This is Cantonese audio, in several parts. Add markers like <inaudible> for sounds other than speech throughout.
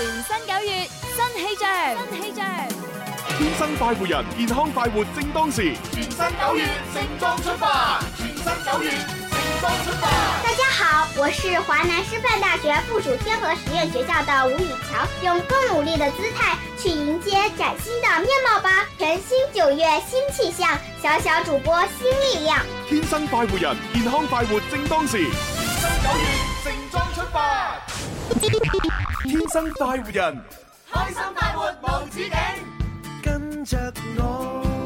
全新九月新氣象，新氣象，天生快活人，健康快活正當時。全新九月盛裝出發，全新九月盛裝出發。出發，大家好，我是華南師範大學附屬天河實驗學校的吳宇橋，用更努力的姿態去迎接嶄新的面貌吧。全新九月新氣象，小小主播新力量，天生快活人，健康快活正當時。全新九月盛裝出發。 <laughs> 天生快活人，開心快活無止境，跟着我。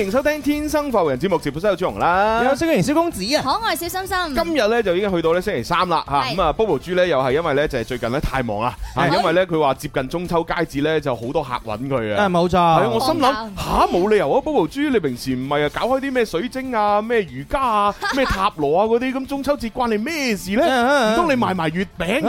歡迎收聽,聽《天生浮人》節目，直播室有朱紅啦，有星月小公子啊，可愛小心心。今日咧就已經去到咧星期三啦，吓咁啊 b o b o 豬咧又係因為咧就係最近咧太忙啦，係是因為咧佢話接近中秋佳節咧就好多客揾佢啊。冇錯、哎。係啊、哎，我心諗吓冇理由啊 b o b o 豬，你平時唔係啊搞開啲咩水晶啊、咩瑜伽啊、咩塔羅啊嗰啲，咁 <laughs> 中秋節關你咩事咧？唔通 <laughs> 你賣埋,埋月餅？係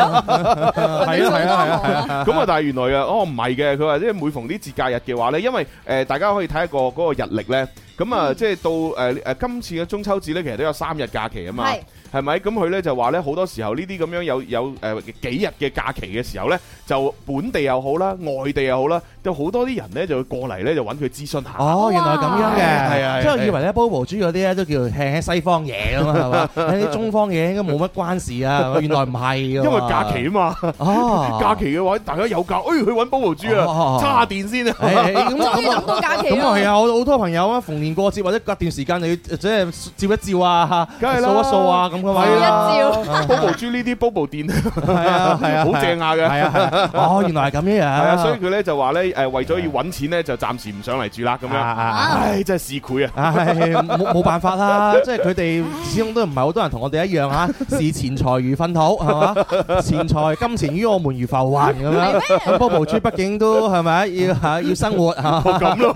啊，係啊，係啊，咁啊，但係原來啊，哦唔係嘅，佢話即係每逢啲節假日嘅話咧，因為誒、呃、大家可以睇一個、那個。日曆咧，咁、嗯、啊，即係到誒誒，今次嘅中秋節咧，其實都有三日假期啊嘛。係咪咁佢咧就話咧，好多時候呢啲咁樣有有誒、呃、幾日嘅假期嘅時候咧，就本地又好啦，外地又好啦，都好多啲人咧就會過嚟咧就揾佢諮詢下。哦，原來咁樣嘅，即係、哎、呀以為咧煲煲豬嗰啲咧都叫做吃西方嘢㗎嘛，中方嘢應該冇乜關事啊，原來唔係。因為假期啊嘛，哦、假期嘅話大家有假，誒、哎、去揾煲煲豬啊，叉下電先啊，終於諗到假期。咁啊啊，好多朋友啊，逢年過節或者隔段時間就要即係照一照啊，掃一掃啊咁。一啊，Bobo 豬呢啲 Bobo 店係啊，係啊，好正啊。嘅，哦，原來係咁樣啊，係啊，所以佢咧就話咧誒，為咗要搵錢咧就暫時唔上嚟住啦咁樣，唉真係市儈啊，係冇冇辦法啦，即係佢哋始終都唔係好多人同我哋一樣啊，視錢財如糞土係嘛，錢財金錢於我們如浮雲咁樣，Bobo 豬畢竟都係咪要要生活吓，咁咯，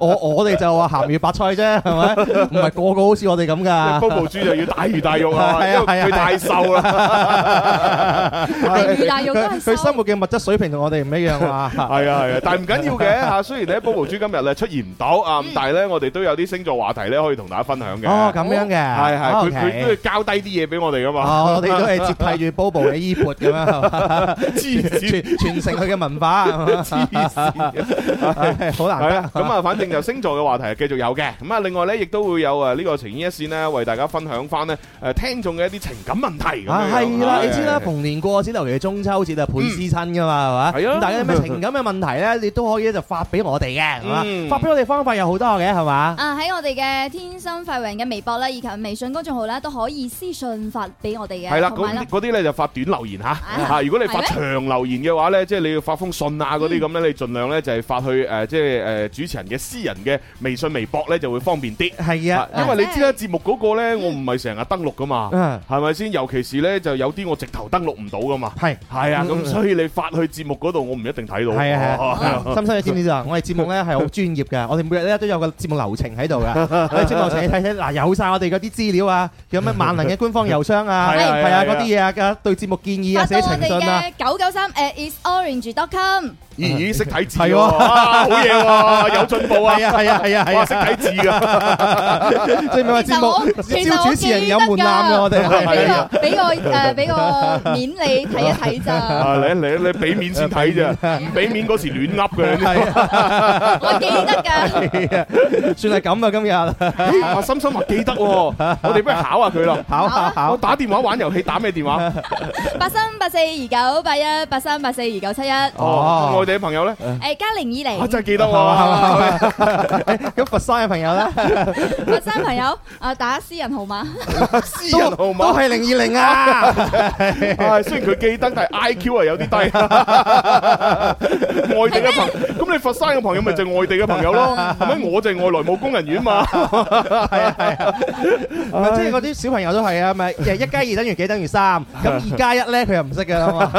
我我哋就話鹹魚白菜啫係咪，唔係個個好似我哋咁噶 Bobo 豬要大魚大肉啊！因為佢太瘦啦，大魚大肉都係佢生活嘅物質水平同我哋唔一樣啊！係啊係啊，但係唔緊要嘅吓。雖然咧 Bobo 豬今日咧出現唔到啊，但係咧我哋都有啲星座話題咧可以同大家分享嘅。哦，咁樣嘅，係係佢佢交低啲嘢俾我哋噶嘛。哦，我哋都係接替住 Bobo 嘅衣缽咁樣，傳傳承佢嘅文化。係好難。係啦，咁啊，反正就星座嘅話題係繼續有嘅。咁啊，另外咧亦都會有啊呢個晴天一線咧為大家分享。翻咧，誒，聽眾嘅一啲情感問題啊，係啦，你知啦，逢年過節，尤其係中秋節啊，倍思親噶嘛，係嘛，係啊。大家有咩情感嘅問題咧，你都可以就發俾我哋嘅，係嘛，發俾我哋方法有好多嘅，係嘛。啊，喺我哋嘅天生快活人嘅微博啦，以及微信公眾號咧，都可以私信發俾我哋嘅。係啦，嗰啲咧就發短留言吓吓。如果你發長留言嘅話咧，即係你要發封信啊，嗰啲咁咧，你盡量咧就係發去誒，即係誒主持人嘅私人嘅微信、微博咧，就會方便啲。係啊，因為你知啦，節目嗰個咧，我唔係。成日登錄噶嘛，係咪先？尤其是咧，就有啲我直頭登錄唔到噶嘛。係係啊，咁所以你發去節目嗰度，我唔一定睇到。係啊係啊，森森，你知唔知道？我哋節目咧係好專業嘅，我哋每日咧都有個節目流程喺度嘅。我哋節目流程睇睇，嗱，有晒我哋嗰啲資料啊，有咩萬能嘅官方郵箱啊，係啊，嗰啲嘢啊，對節目建議啊，寫情信啊，九九三 atisorange.com。咦？識睇字係喎，好嘢喎，有進步啊！係啊係啊係啊，識睇字㗎。即係話節目招主。記得㗎，我哋俾個俾個誒俾個面你睇一睇咋。啊嚟啊嚟啊，你俾面先睇咋，唔俾面嗰時亂笠嘅。我記得㗎，算係咁啊，今日我心心話記得喎，我哋不如考下佢啦，考考。我打電話玩遊戲打咩電話？八三八四二九八一八三八四二九七一。哦，外地嘅朋友咧？誒，嘉玲以嚟。我真係記得我啊。咁佛山嘅朋友咧？佛山朋友，啊打私人號碼。 <laughs> 私人號碼都係零二零啊，係、 <laughs> 哎、雖然佢記得，但係 I Q 係有啲低， <laughs> 外地人。咁你佛山嘅朋友咪就外地嘅朋友咯，係咪我就外來務工人員嘛？係啊係啊，即係嗰啲小朋友都係啊，咪一加二等於幾等於三，咁二加一咧佢又唔識嘅啦嘛，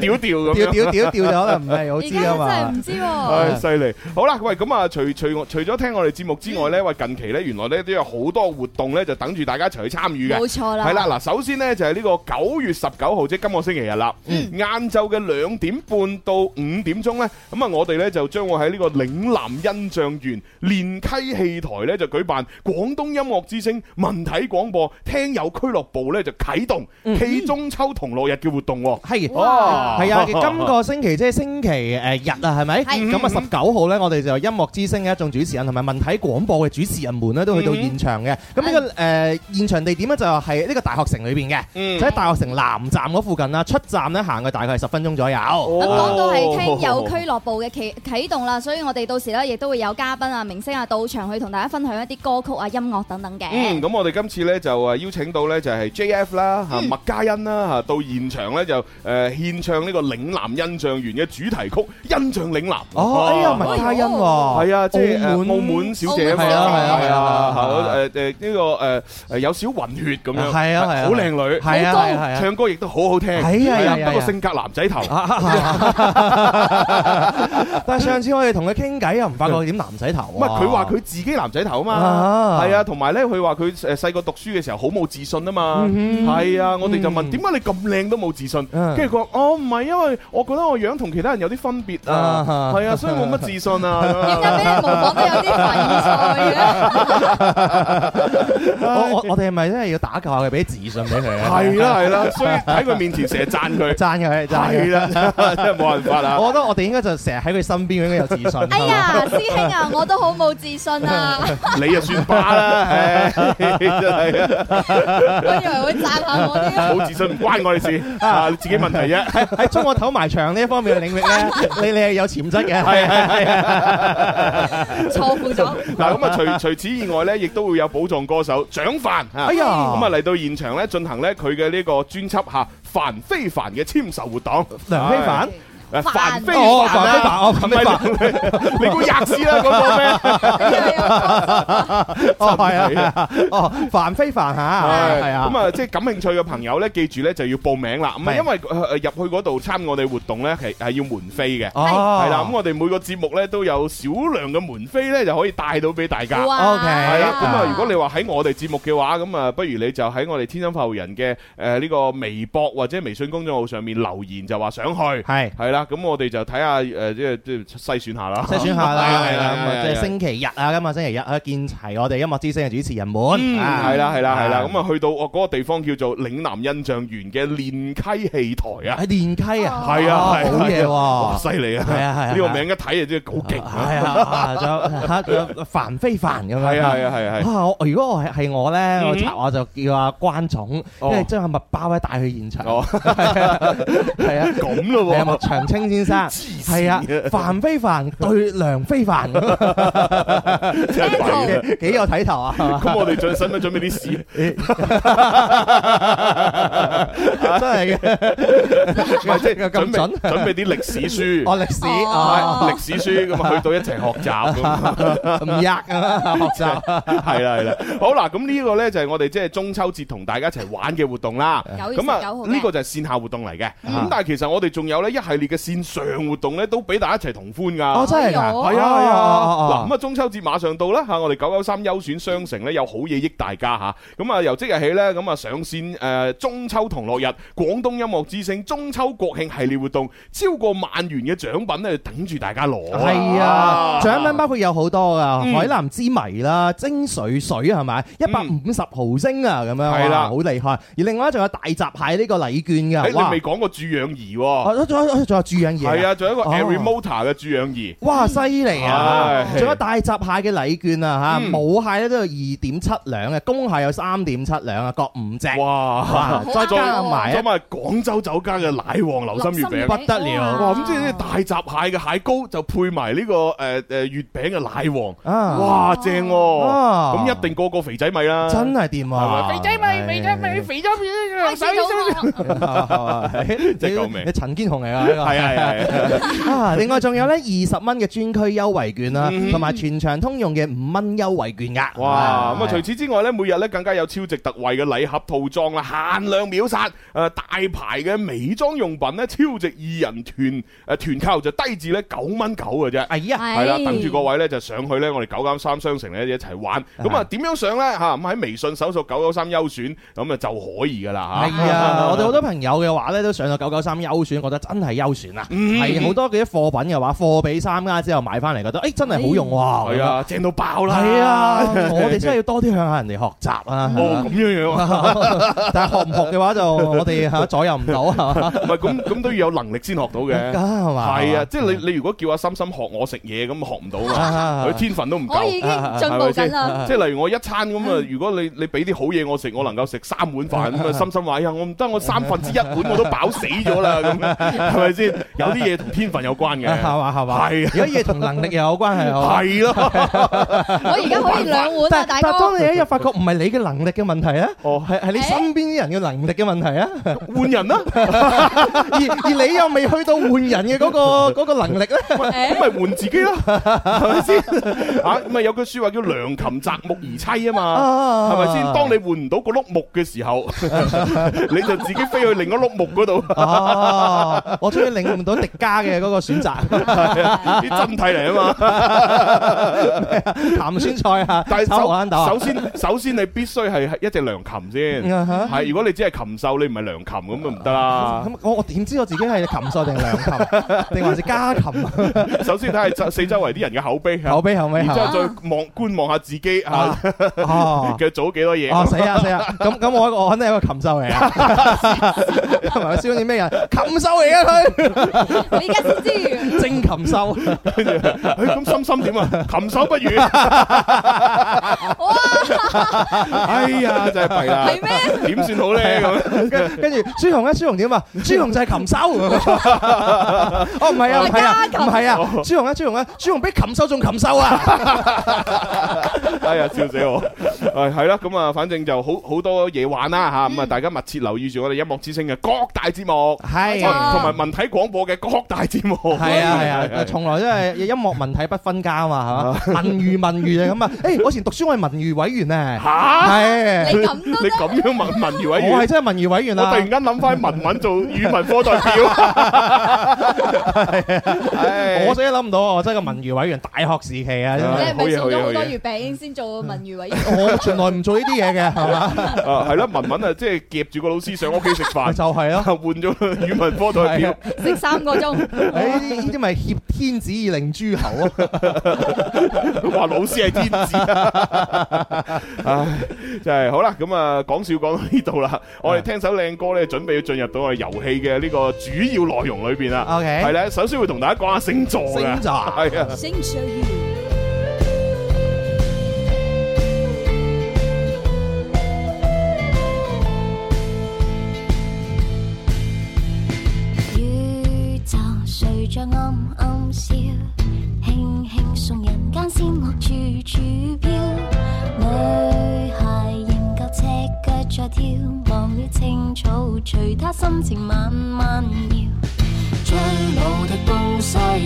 屌屌咁，屌屌屌屌就可能唔係好知啊嘛，而家真係唔知，唉，犀利，好啦，喂，咁啊除除除咗聽我哋節目之外咧，喂近期咧原來咧都有好多活動咧就等住大家一齊去參與嘅，冇錯啦，係啦，嗱首先咧就係呢個九月十九號即今個星期日啦，晏晝嘅兩點半到五點鐘咧，咁啊我哋咧。就將會喺呢個嶺南印象園練溪戲台呢，就舉辦廣東音樂之聲文體廣播聽友俱樂部呢，就啟動暨中秋同樂日嘅活動。係、嗯，係啊，今個星期即係星期日啊，係咪？咁啊，十九號呢，我哋就音樂之聲嘅一眾主持人同埋文體廣播嘅主持人們呢，都去到現場嘅。咁呢、嗯，這個誒、嗯呃、現場地點呢，就係呢個大學城裏邊嘅，喺、嗯、大學城南站嗰附近啦。出站呢，行嘅大概係十分鐘左右。咁講到係聽友俱樂部嘅企。啟動啦，所以我哋到時咧，亦都會有嘉賓啊、明星啊到場去同大家分享一啲歌曲啊、音樂等等嘅。嗯，咁我哋今次咧就啊邀請到咧就係 JF 啦，吓麥嘉欣啦吓到現場咧就誒獻唱呢個《嶺南印象園》嘅主題曲《印象嶺南》。哦，麥嘉欣，係啊，即係澳門小姐，係啊，係啊，吓誒誒呢個誒誒有少混血咁樣，係啊，係啊，好靚女，係啊，係啊，唱歌亦都好好聽，係啊，係啊，不過性格男仔頭。但係上次我哋同佢傾偈又唔發覺佢點男仔頭？唔係佢話佢自己男仔頭嘛啊嘛，係啊，同埋咧佢話佢誒細個讀書嘅時候好冇自信啊嘛，係啊，我哋就問點解你咁靚都冇自信？跟住佢話：我唔係因為我覺得我樣同其他人有啲分別啊，係啊，啊，所以冇乜自信啊。點解啲模仿有啲怪異，我哋係咪真係要打救下佢，俾啲自信俾佢？係 <laughs> 啊係啦、啊，所以喺佢面前成日讚佢，讚佢係啦，真係冇辦法啊！我覺得我哋應該就成日喺佢身邊應該有自信。哎呀，師兄啊，我都好冇自信啊。你就算霸啦，係啊，我以為會讚下我啲。冇自信唔關我哋事，啊，自己問題啫。喺中衝我埋牆呢一方面嘅領域咧，你你係有潛質嘅。係係係啊，錯誤咗。嗱咁啊，除除此以外咧，亦都會有寶藏歌手蔣凡。哎呀，咁啊嚟到現場咧，進行咧佢嘅呢個專輯吓，凡非凡嘅簽售活動。梁非凡。凡非凡啊，唔你估吔屎啦嗰個咩？哦係啊，哦凡非凡吓係係啊，咁啊即係感興趣嘅朋友咧，記住咧就要報名啦。唔係啊，因為入去嗰度參我哋活動咧，係係要門飛嘅。係啦，咁我哋每個節目咧都有少量嘅門飛咧，就可以帶到俾大家。O K。咁啊，如果你話喺我哋節目嘅話，咁啊不如你就喺我哋天心發號人嘅誒呢個微博或者微信公眾號上面留言就話想去係係啦。咁我哋就睇下誒，即係即係篩選下啦。篩選下啦，係啦，即係星期日啊，今日星期日啊，見齊我哋音樂之聲嘅主持人們，係啦，係啦，係啦。咁啊，去到我嗰個地方叫做嶺南印象園嘅練溪戲台啊，喺練溪啊，係啊，好嘢，哇，犀利啊，係啊，係啊，呢個名一睇啊，即係好勁，係啊，就范非凡咁樣，係啊，係啊，係啊。如果我係我咧，我插話就叫阿關總，即係將阿麥包威帶去現場，係啊，啊，咁咯，你有冇唱？清先生，係啊，凡非凡對梁非凡，幾有睇頭啊？咁我哋再新一準備啲史，真係嘅，咁準準備啲歷史書，哦歷史，歷史書咁啊，去到一齊學習，咁學習係啦係啦，好啦，咁呢個咧就係我哋即係中秋節同大家一齊玩嘅活動啦。九月九號，咁啊，呢個就係線下活動嚟嘅。咁但係其實我哋仲有咧一系列嘅。線上活動咧都俾大家一齊同歡噶。哦真係啊，係啊，嗱咁啊，中秋節馬上到啦吓，我哋九九三優選商城咧有好嘢益大家吓，咁啊由即日起咧咁啊上線誒中秋同樂日廣東音樂之聲中秋國慶系列活動，超過萬元嘅獎品咧等住大家攞啊，係啊，獎品包括有好多啊，海藍之謎啦，精水水係咪？一百五十毫升啊，咁樣係啦，好厲害，而另外咧仲有大閘蟹呢個禮券噶，誒你未講過注氧儀喎，仲有。注氧儀係啊，仲有一個 Airy Motor 嘅注氧儀，哇犀利啊！仲有大閘蟹嘅禮券啊吓，母蟹咧都有二點七兩嘅，公蟹有三點七兩啊，各五隻。哇！再加埋，咁埋廣州酒家嘅奶黃流心月餅，不得了！哇！咁即係大閘蟹嘅蟹膏就配埋呢個誒誒月餅嘅奶黃，哇正！咁一定個個肥仔米啦，真係掂啊！肥仔米、肥仔米肥咗，唔使講啦，真係救命！你陳堅雄嚟啊？係啊！啊， <laughs> 另外仲有咧二十蚊嘅專區優惠券啦，同埋、嗯、全場通用嘅五蚊優惠券額。哇！咁啊是，除此之外咧，每日咧更加有超值特惠嘅禮盒套裝啦，限量秒殺誒、呃，大牌嘅美妝用品咧，超值二人團誒，團購就低至咧九蚊九嘅啫。係啊是，係啦是，等住各位咧就上去咧，我哋九九三商城咧一齊玩。咁啊是，點樣上咧？吓，咁喺微信搜索九九三優選，咁啊就可以噶啦吓。係是是啊，我哋好多朋友嘅話咧都上到九九三優選，覺得真係優選。係好多嗰啲貨品嘅話，貨比三家之後買翻嚟覺得，哎真係好用喎，係啊，正到爆啦！係啊，我哋真係要多啲向下人哋學習啊！哦，咁樣樣，但係學唔學嘅話，就我哋係左右唔到啊，係嘛？唔係咁咁都要有能力先學到嘅，係嘛？係啊，即係你你如果叫阿心心學我食嘢咁，學唔到啊！佢天份都唔夠，我已經進步緊啦。即係例如我一餐咁啊，如果你你俾啲好嘢我食，我能夠食三碗飯咁啊。心心話：哎呀，我唔得，我三分之一碗我都飽死咗啦，咁係咪先？有啲嘢同天分有關嘅，係嘛係嘛，係啊！有啲嘢同能力又有關係啊，係咯。我而家可以兩碗啦，大哥。但係當你一日發覺唔係你嘅能力嘅問題啊，哦，係係你身邊啲人嘅能力嘅問題啊，換人啦。而而你又未去到換人嘅嗰個嗰個能力咧，咁咪換自己咯，係咪先？啊，咁咪有句說話叫良禽擇木而棲啊嘛，係咪先？當你換唔到個碌木嘅時候，你就自己飛去另一碌木嗰度。哦，我出去另。用唔到迪加嘅嗰個選擇，啲真體嚟啊嘛！鹹酸菜啊，手首先首先你必須係一隻良禽先。係如果你只係禽獸，你唔係良禽咁就唔得啦。咁我我點知我自己係禽獸定良禽定還是家禽？首先睇下四周圍啲人嘅口碑，口碑口咪？然之後再望觀望下自己嚇，嘅做咗幾多嘢？啊，死啊死啊！咁咁我我肯定係一個禽獸嚟啊！唔係笑你咩人？禽獸嚟啊佢！我依家先知，正禽獸，跟住，誒，咁深深點啊？禽獸不如，哇，哎呀，真係弊啊，係咩？點算好咧？咁，跟住，朱紅咧，朱紅點啊？朱紅就係禽獸，哦唔係啊，唔係啊，朱紅咧，朱紅咧，朱紅比禽獸仲禽獸啊！哎呀，笑死我，誒，係啦，咁啊，反正就好好多嘢玩啦，吓，咁啊，大家密切留意住我哋音樂之聲嘅各大節目，係，同埋問題。廣播嘅各大節目係啊，係啊，從來都係音樂文體不分家嘛，係嘛？文娛文娛咁啊！誒，我以前讀書我係文娛委員啊，吓，你咁你咁樣問文娛委員，我係真係文娛委員啊！我突然間諗翻文文做語文科代表，我真係諗唔到啊！我真係個文娛委員，大學時期啊，你咪做咗好多月餅先做文娛委員？我從來唔做呢啲嘢嘅，係嘛？啊，係啦，文文啊，即係夾住個老師上屋企食飯，就係啊，換咗語文科代表。三個鐘，誒、欸，呢啲咪挾天子以令諸侯啊！話 <laughs> 老師係天子 <laughs> 唉，就係好啦，咁啊，講笑講到呢度啦，我哋聽首靚歌咧，準備要進入到我哋遊戲嘅呢個主要內容裏邊啦。OK，係咧，首先會同大家講下星座，星座係啊。星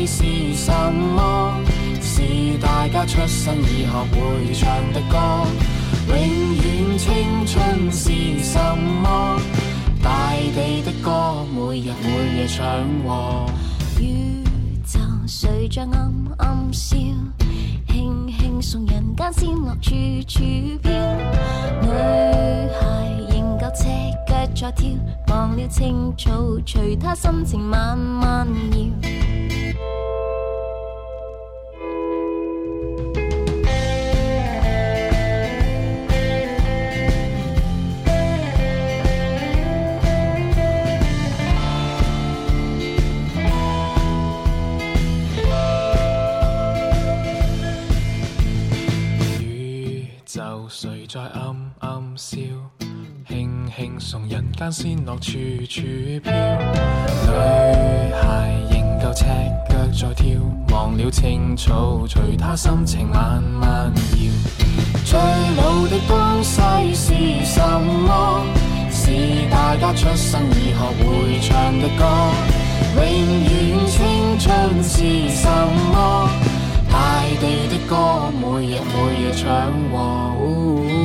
是什麼？是大家出生以後會唱的歌，永遠青春是什麼？大地的歌，每日每夜唱和。宇宙隨着暗暗笑，輕輕送人間仙樂處處飄。女孩仍舊赤腳在跳，忘了青草隨她心情慢慢搖。間仙樂處處飄，女孩仍舊赤腳在跳，忘了青草，隨她心情慢慢搖。最老的東西是什麼？是大家出生以後會唱的歌。永遠青春是什麼？大地的歌，每日每夜唱和。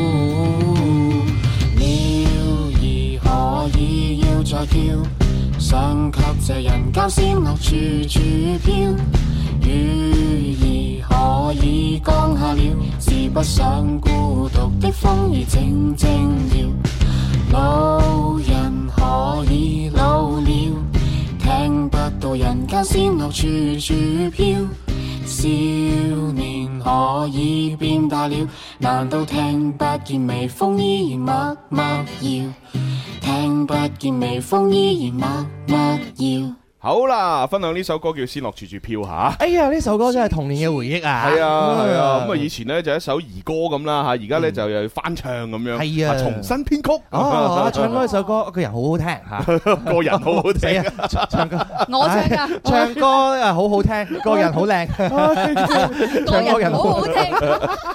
想給這人間仙樂處處飄。雨兒可以降下了，是不想孤獨的風兒靜靜搖。老人可以老了，聽不到人間仙樂處處飄。少年可以變大了，難道聽不見微風依然默默搖？聽不見，微風依然默默搖。好啦，分享呢首歌叫《仙樂處處飄》吓。哎呀，呢首歌真係童年嘅回憶啊！係啊，係啊，咁啊，以前咧就一首兒歌咁啦吓，而家咧就又翻唱咁樣。係啊，重新編曲。啊，唱一首歌，個人好好聽吓，個人好好聽啊！唱歌，我唱噶，唱歌啊好好聽，個人好靚。唱歌人好好聽，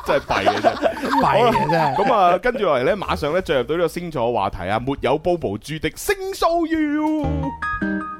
真係弊嘅真，弊嘅真。咁啊，跟住落嚟咧，馬上咧進入到呢個星座嘅話題啊！沒有 Bobo 豬的星宿要。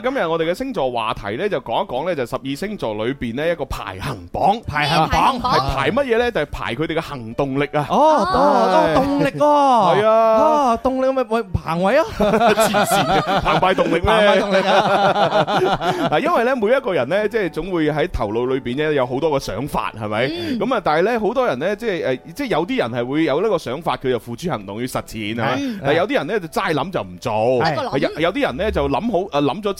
今日我哋嘅星座話題咧，就講一講咧，就十二星座裏邊呢，一個排行榜，排行榜係排乜嘢咧？就係排佢哋嘅行動力啊！哦，哦，動力啊！係啊，動力咪行位啊！展示澎湃動力咩？啊！因為咧，每一個人咧，即係總會喺頭腦裏邊咧有好多嘅想法，係咪？咁啊，但係咧，好多人咧，即係誒，即係有啲人係會有呢個想法，佢就付諸行動，要實踐啊！有啲人咧就齋諗就唔做，有啲人咧就諗好啊，諗咗。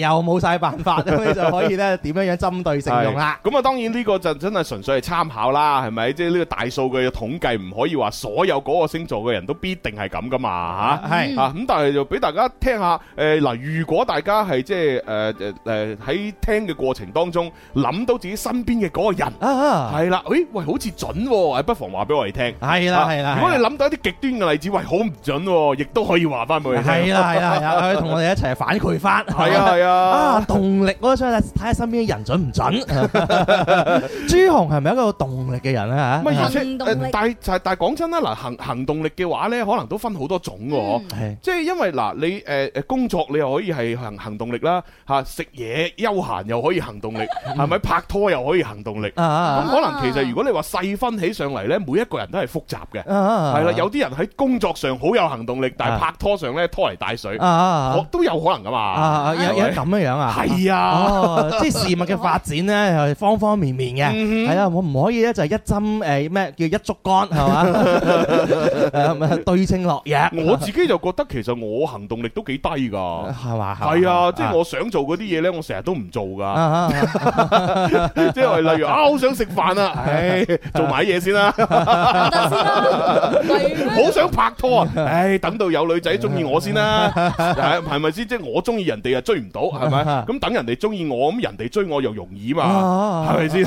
又冇晒辦法，所以就可以咧，點樣樣針對性用啦。咁啊，當然呢個就真係純粹係參考啦，係咪？即係呢個大數據嘅統計，唔可以話所有嗰個星座嘅人都必定係咁噶嘛吓。係啊，咁但係就俾大家聽下，誒嗱，如果大家係即係誒誒誒喺聽嘅過程當中，諗到自己身邊嘅嗰個人，係啦，誒喂，好似準，不妨話俾我哋聽。係啦係啦，如果你諗到一啲極端嘅例子，喂，好唔準，亦都可以話翻俾我哋聽。係啦係啦係啦，同我哋一齊反饋翻。係啊。啊！動力我想睇下身邊嘅人準唔準？朱紅係咪一個動力嘅人咧吓？唔係，但係但係講真啦，嗱行行動力嘅話咧，可能都分好多種嘅嗬。即係因為嗱，你誒誒工作你又可以係行行動力啦，吓食嘢休閒又可以行動力，係咪拍拖又可以行動力？咁可能其實如果你話細分起上嚟咧，每一個人都係複雜嘅，係啦。有啲人喺工作上好有行動力，但係拍拖上咧拖泥帶水，都有可能噶嘛。咁樣樣啊？係啊，哦，即係事物嘅發展咧，係方方面面嘅，係啊，我唔可以咧，就係一針，誒，咩叫一竹竿係嘛，對症落嘢。我自己就覺得，其實我行動力都幾低噶，係嘛？係啊，即係我想做嗰啲嘢咧，我成日都唔做噶。即係例如啊，好想食飯啊，做埋嘢先啦。好想拍拖啊，唉，等到有女仔中意我先啦，係咪先？即係我中意人哋啊，追唔到。好係咪？咁等人哋中意我，咁人哋追我又容易嘛？係咪先？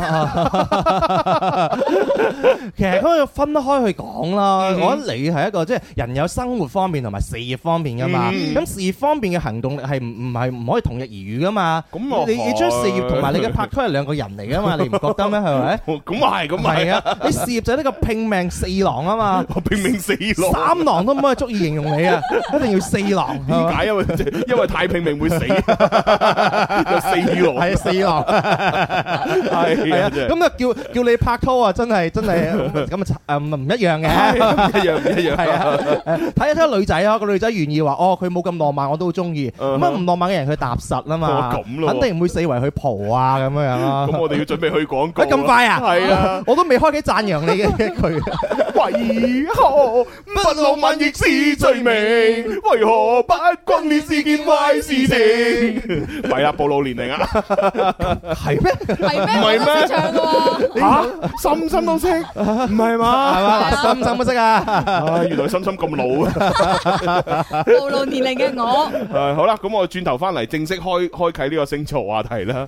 其實都要分開去講啦。我覺得你係一個即係人有生活方面同埋事業方面噶嘛。咁事業方面嘅行動力係唔唔係唔可以同日而語噶嘛？咁你你將事業同埋你嘅拍拖係兩個人嚟噶嘛？你唔覺得咩？係咪？咁啊係咁啊係啊！你事業就係呢個拼命四郎啊嘛！拼命四郎，三郎都唔可以足以形容你啊！一定要四郎。點解？因為因為太拼命會死。係四郎，係 <laughs> 啊！咁啊，叫叫你拍拖，嗯、 <laughs> 啊，真係真係咁啊，唔唔一樣嘅，一樣唔一樣係啊！睇一睇女仔啊，個女仔願意話哦，佢冇咁浪漫，我都好中意。乜唔、uh huh. 浪漫嘅人去踏實啊嘛，uh huh. <laughs> 肯定唔會四圍去蒲啊咁樣樣。咁我哋要準備去廣告，咁、 <laughs> 啊、快啊！係 <laughs> 對啊， <laughs> 我都未開機讚揚你嘅一句， <laughs> 為何不浪漫亦是罪名？為何不轟烈是件壞事情？咪啊！ <laughs> 暴露年齡啊！係 <laughs> 咩嗎？係咩？你唱嘅喎？吓？深深都識？唔係嘛？深深都識啊？原來深深咁老啊！ <laughs> <laughs> 暴露年齡嘅我。誒、 <laughs> 啊，好啦，咁我轉頭翻嚟正式開開啟呢個星座話題啦。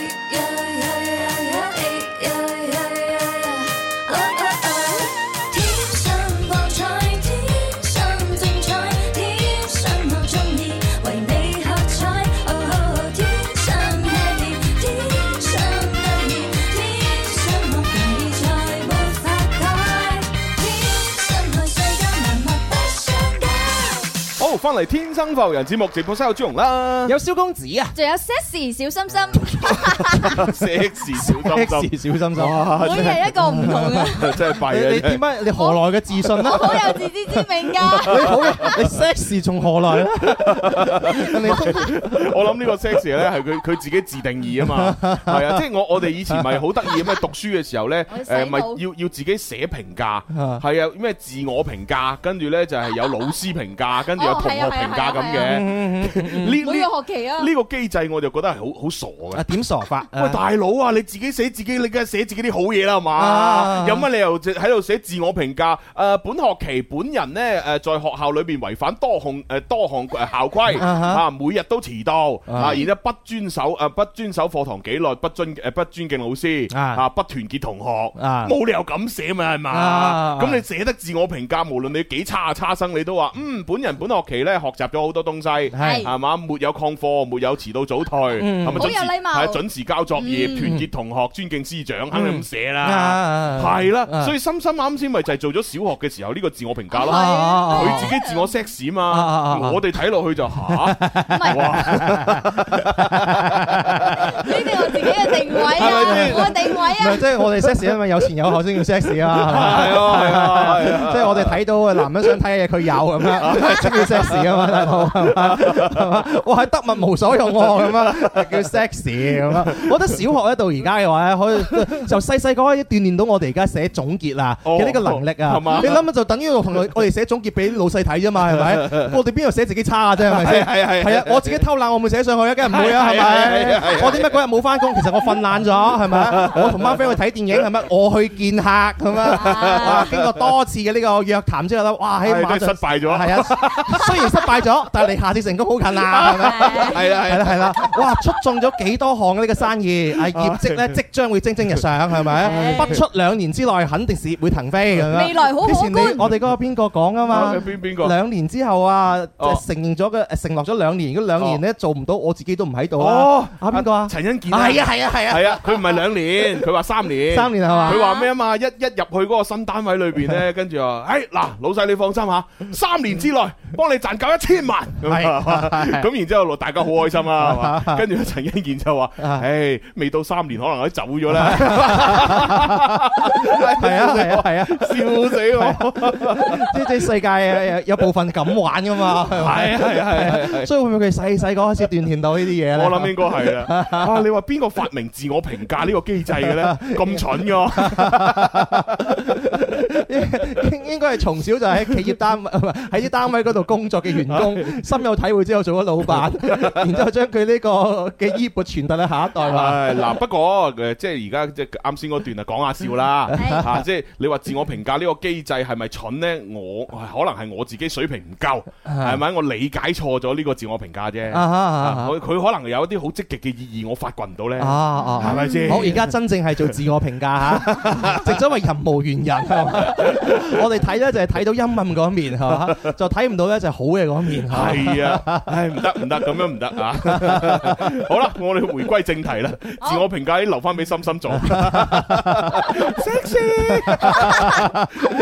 翻嚟《天生浮人》節目直播室有朱紅啦，有蕭公子啊，仲有 sexy 小心心，sexy 小心心，每日 <laughs> <laughs> 一個唔同嘅、啊， <laughs> 真係你點解？你何來嘅自信咧、啊？ <laughs> 我好有自知之明噶、啊， <laughs> 你好 sexy 從何來咧、啊？ <laughs> <laughs> 我諗呢個 sexy 咧係佢佢自己自定義啊嘛，係啊，即係我我哋以前咪好得意咁咩，讀書嘅時候咧，誒、 <laughs> 呃，咪要要自己寫評價，係 <laughs> 啊，咩自我評價，跟住咧就係有老師評價，跟住有我評價咁嘅呢，呢個機制我就覺得係好好傻嘅。點傻法？喂大佬啊，你自己寫自己，你梗係寫自己啲好嘢啦嘛。啊、有乜理由喺度寫自我評價？誒、呃，本學期本人呢，誒，在學校裏邊違反多項誒多項校規啊，每日都遲到啊，而且不遵守誒不遵守課堂紀律，不尊誒不，不尊敬老師啊，啊不團結同學冇、啊、理由咁寫嘛係嘛？咁、啊、你寫得自我評價，無論你幾差啊差生，你都話嗯，本人本學期。咧學習咗好多東西係，係嘛？沒有曠課，沒有遲到早退，係咪準時？有禮貌，係準時交作業，團結同學，尊敬師長，肯定唔寫啦。係啦，所以深深啱先咪就係做咗小學嘅時候呢個自我評價咯。佢自己自我 sex 嘛，我哋睇落去就吓。唔係，呢啲我自己嘅定位啊，我嘅定位啊。即係我哋 sex，因為有錢有學先叫 sex 啊，係嘛？係啊，即係我哋睇到男人想睇嘅嘢，佢有咁樣，事啊嘛，大佬，係嘛，哇，係得物無所用喎，咁啊，叫 sexy 咁啊，我覺得小學一到而家嘅話可以就細細個可以鍛鍊到我哋而家寫總結啦，嘅呢、哦、個能力啊，哦、你諗下就等於同我哋寫總結俾老細睇啫嘛，係咪？ <laughs> 我哋邊度寫自己差啊？啫係咪先？係啊！我自己偷懶，我冇寫上去啊，梗係唔會啊，係咪？我點解嗰日冇翻工？其實我瞓懶咗，係咪？ <laughs> 我同媽咪去睇電影，係咪？我去見客咁啊，經過多次嘅呢個約談之後咧，哇，喺馬上失敗咗，係啊。失敗咗，但係你下次成功好近啦，係啦係啦係啦，哇，出眾咗幾多項呢個生意，係業績咧即將會蒸蒸日上，係咪？不出兩年之內，肯定事業會騰飛咁樣。未來好，之前你我哋嗰個邊個講噶嘛？邊邊個？兩年之後啊，承認咗嘅承諾咗兩年，嗰兩年咧做唔到，我自己都唔喺度啊！啊邊個啊？陳欣健啊？係啊係啊係啊！係啊，佢唔係兩年，佢話三年。三年係嘛？佢話咩啊嘛？一一入去嗰個新單位裏邊咧，跟住話，哎嗱，老細你放心吓，三年之內幫你賺夠一千萬，咁 <laughs> 語，然之後落，大家好開心啊。係嘛？跟住陳英健就話，誒、哎，未到三年，可能我走咗啦，係 <laughs> <laughs> 啊，係啊，係啊，笑死我！即係、啊啊啊、世界有部分咁玩噶嘛，係啊，係所以會唔會佢細細個開始鍛煉到呢啲嘢咧？ <laughs> <laughs> 我諗應該係啦。啊，你話邊個發明自我評價呢個機制嘅咧？咁蠢噶？ <laughs> <laughs> <laughs> 應應該係從小就喺企業單位，喺啲 <laughs> 單位嗰度工作嘅員工，深有體會之後做咗老闆，然之後將佢呢個嘅衣缽傳到喺下一代。係嗱， <laughs> <laughs> 不過即係而家即係啱先嗰段啊，講下笑啦吓，即係你話自我評價呢個機制係咪蠢呢？我可能係我自己水平唔夠，係咪？ <laughs> 我理解錯咗呢個自我評價啫。佢、 <laughs> 啊啊、可能有一啲好積極嘅意義，我發掘唔到呢。哦係咪先？好，而家真正係做自我評價吓，值所謂人無完人。 <laughs> 我哋睇咧就係睇到陰暗嗰面，係嘛， <laughs> 就睇唔到咧就好嘅嗰面。係啊，唉，唔得唔得，咁樣唔得啊。 <laughs> 好啦，我哋回歸正題啦，自我評價留翻俾心心做。 <laughs> sexy， <laughs> 氣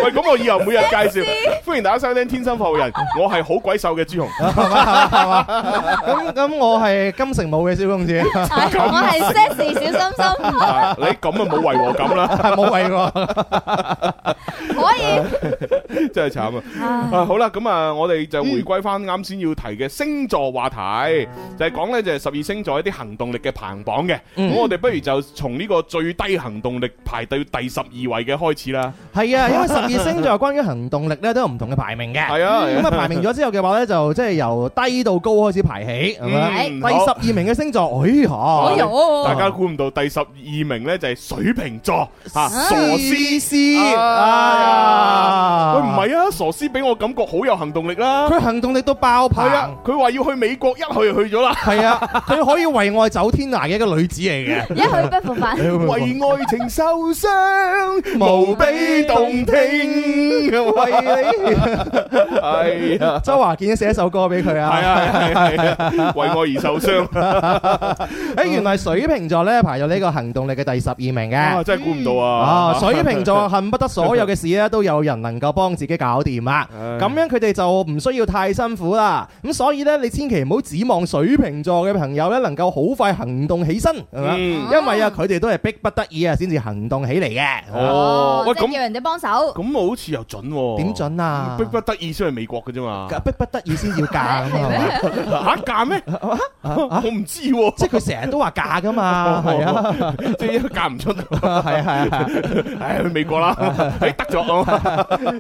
喂，咁我以後每日介紹，歡迎大家收聽天生服務人，我係好鬼瘦嘅朱紅，係 <laughs> 嘛， <laughs> 咁咁，我係金城武嘅小公子， <laughs> <laughs> <laughs> 我係 sexy 小心心。 <laughs> <laughs> 你咁啊冇違和感啦，冇違和。可以，真係慘啊！啊，好啦，咁啊，我哋就回歸翻啱先要提嘅星座話題，就係講呢，就係十二星座一啲行動力嘅排行榜嘅。咁我哋不如就從呢個最低行動力排到第十二位嘅開始啦。係啊，因為十二星座關於行動力呢，都有唔同嘅排名嘅。係啊，咁啊排名咗之後嘅話呢，就即係由低到高開始排起。第十二名嘅星座，哎吓，大家估唔到第十二名呢就係水瓶座啊，傻斯斯啊！佢唔係啊，傻師俾我感覺好有行動力啦。佢行動力都爆棚，係啊！佢話要去美國，一去就去咗啦。係啊，佢可以為愛走天涯嘅一個女子嚟嘅， <laughs> 一去不復返，為愛情受傷， <laughs> 無比動聽。 <laughs> 為你，係啊。周華健寫一首歌俾佢 <laughs> 啊，係啊係啊係、啊啊啊、為愛而受傷。誒， <laughs> 原來水瓶座咧排入呢個行動力嘅第十二名嘅、啊，真係估唔到啊！啊、哦，水瓶座恨不得所有。嘅事咧都有人能夠幫自己搞掂啦，咁樣佢哋就唔需要太辛苦啦。咁所以咧，你千祈唔好指望水瓶座嘅朋友咧能夠好快行動起身，因為啊，佢哋都係逼不得已啊先至行動起嚟嘅。哦，喂，咁要人哋幫手，咁我好似又準，點準啊？逼不得已先去美國嘅啫嘛，逼不得已先要嫁，嚇嫁咩？我唔知喎，即係佢成日都話嫁噶嘛，係啊，即係嫁唔出，係係係，係去美國啦。得咗咯，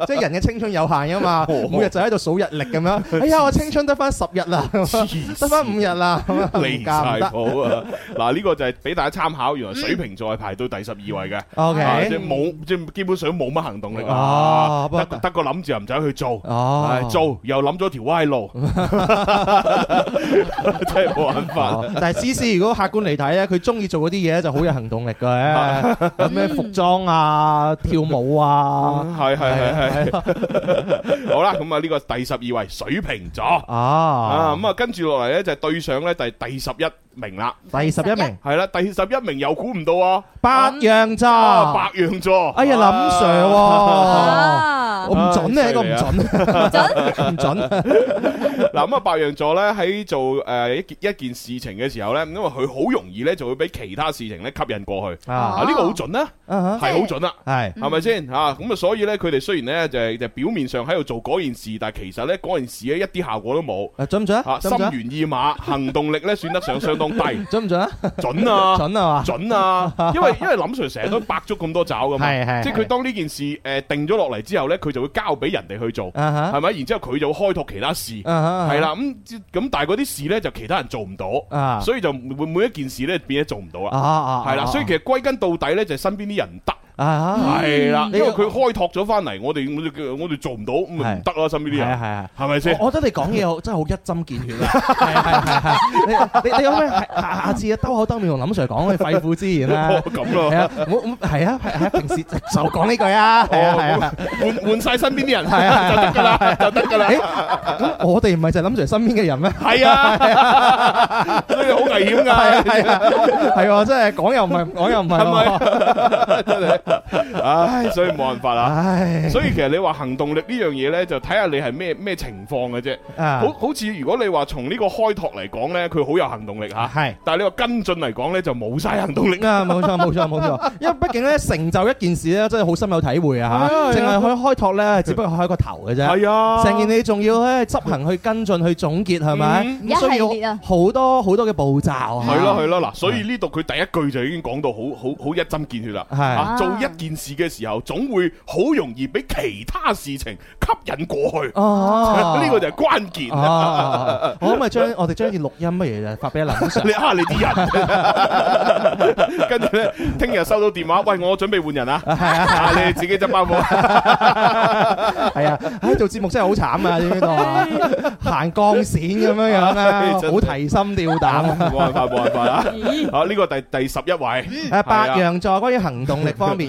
即係人嘅青春有限啊嘛，每日就喺度數日曆咁樣。哎呀，我青春得翻十日啦，得翻五日啦，離晒譜啊！嗱，呢個就係俾大家參考。原來水瓶座係排到第十二位嘅，即係冇，即係基本上都冇乜行動力啊，得得個諗住又唔使去做，做又諗咗條歪路，真係冇辦法。但係詩詩，如果客觀嚟睇，咧，佢中意做嗰啲嘢咧，就好有行動力嘅，有咩服裝啊、跳舞啊。係係係係，好啦，咁啊呢個第十二位水瓶座啊，咁啊跟住落嚟咧就對上咧係第十一名啦，第十一名係啦，第十一名又估唔到啊，白羊咋，白羊座，哎呀諗 sir，我唔准咧，我唔准，唔准！嗱咁啊，白羊座咧喺做誒一件一件事情嘅時候咧，因為佢好容易咧就會俾其他事情咧吸引過去。啊，呢個好準啦，係好準啦，係係咪先？吓咁啊，所以咧佢哋雖然咧就係就表面上喺度做嗰件事，但係其實咧嗰件事咧一啲效果都冇。準唔準啊？心猿意馬，行動力咧算得上相當低。準唔準啊？準啊！準啊！準啊！因為因為林 Sir 成日都百足咁多爪噶嘛，係係，即係佢當呢件事誒定咗落嚟之後咧，佢就會交俾人哋去做，係咪？然之後佢就會開拓其他事。係啦，咁咁、嗯、但係啲事咧就其他人做唔到，啊、所以就會每，每一件事咧變咗做唔到啊，係啦，所以其實歸根到底咧，就係、是、身邊啲人。得。啊，係啦，因為佢開拓咗翻嚟，我哋我哋做唔到，咁咪唔得啊！身邊啲人係係咪先？我覺得你講嘢真係好一針見血啊！係係你你你講咩？阿阿啊，兜口兜面同林 Sir 講嘅肺腑之言啦，係啊，我係啊，係啊，平時就講呢句啊，係啊，換換晒身邊啲人，係啊，就得噶啦，咁我哋唔係就林 Sir 身邊嘅人咩？係啊，所以好危險噶，係啊，係啊，真係講又唔係，講又唔係。唉，所以冇辦法啦。唉，所以其實你話行動力呢樣嘢呢，就睇下你係咩咩情況嘅啫。好，好似如果你話從呢個開拓嚟講呢，佢好有行動力吓。係，但係你話跟進嚟講呢，就冇晒行動力啊。冇錯，冇錯，冇錯。因為畢竟咧，成就一件事呢，真係好深有體會啊。吓，淨係去開拓呢，只不過開個頭嘅啫。係啊，成件你仲要咧執行去跟進去總結，係咪？需要好多好多嘅步驟。係咯，係咯，嗱，所以呢度佢第一句就已經講到好好一針見血啦。係一件事嘅時候，總會好容易俾其他事情吸引過去。哦、啊，呢個就係關鍵，啊。我咪將我哋將件錄音乜嘢就發俾阿林叔。 <laughs> 你吓你啲人，跟住咧，聽日收到電話，喂，我準備換人啊。係啊，你自己執包袱。係啊，唉，做節目真係好慘啊！呢度行鋼線咁樣樣啊，好提心吊膽。冇真的 <laughs> 辦法，冇辦法啊！好、 <laughs> 啊，呢、這個第第十一位。誒、啊，白羊座關於行動力方面。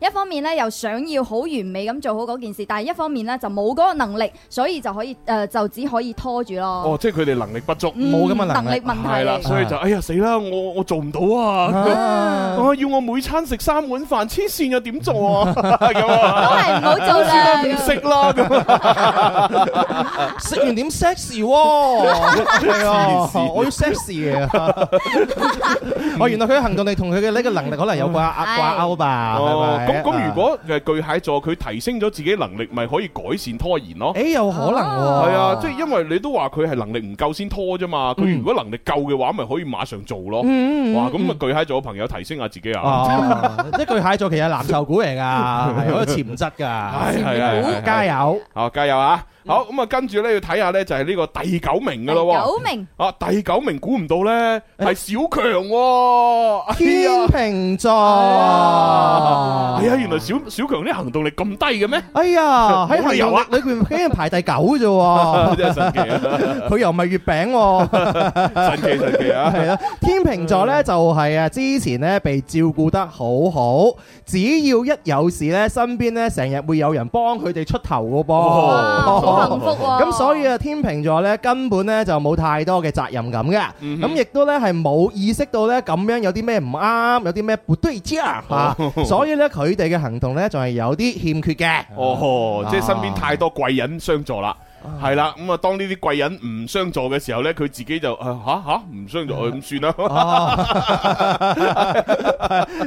一方面咧又想要好完美咁做好嗰件事，但係一方面咧就冇嗰個能力，所以就可以誒就只可以拖住咯。哦，即係佢哋能力不足，冇咁嘅能力問題係啦，所以就哎呀死啦，我我做唔到啊！要我每餐食三碗飯，黐線又點做啊？咁啊，都係唔好做啦。食啦，咁食完點 sexy？係啊我要 sexy 啊！哦，原來佢嘅行動力同佢嘅呢個能力可能有個掛掛掛鈎吧。咁咁、哦、如果誒巨蟹座佢提升咗自己能力，咪可以改善拖延咯？誒、欸，有可能喎、啊。係啊，即係因為你都話佢係能力唔夠先拖啫嘛。佢如果能力夠嘅話，咪可以馬上做咯。哇，咁啊巨蟹座嘅朋友提升下自己啊！即、啊、 <laughs> 巨蟹座其實藍籌股嚟噶，有潛質噶。係，係， <laughs> 係， <laughs> 加油！好，加油啊！好咁啊，跟住咧要睇下咧，就係呢個第九名噶咯。第九名啊，第九名估唔到咧、啊，係小強天秤座。係啊，原來小小強啲行動力咁低嘅咩？哎呀，冇理由啊，裏邊竟然排第九啫、啊。 <laughs> 真係神奇啊！佢又唔係月餅、啊， <laughs> 神奇神奇啊！係啦，天秤座咧就係啊，之前咧被照顧得好好，嗯、只要一有事咧，身邊咧成日會有人幫佢哋出頭噶噃。哇幸福咁，所以啊，天秤座咧根本咧就冇太多嘅責任感嘅，咁亦都咧係冇意識到咧咁樣有啲咩唔啱，有啲咩不對之。哦、啊，所以咧佢哋嘅行動咧仲係有啲欠缺嘅。哦，啊、即係身邊太多貴人相助啦。係啦，咁啊，當呢啲貴人唔相助嘅時候咧，佢自己就吓吓唔相助咁算啦。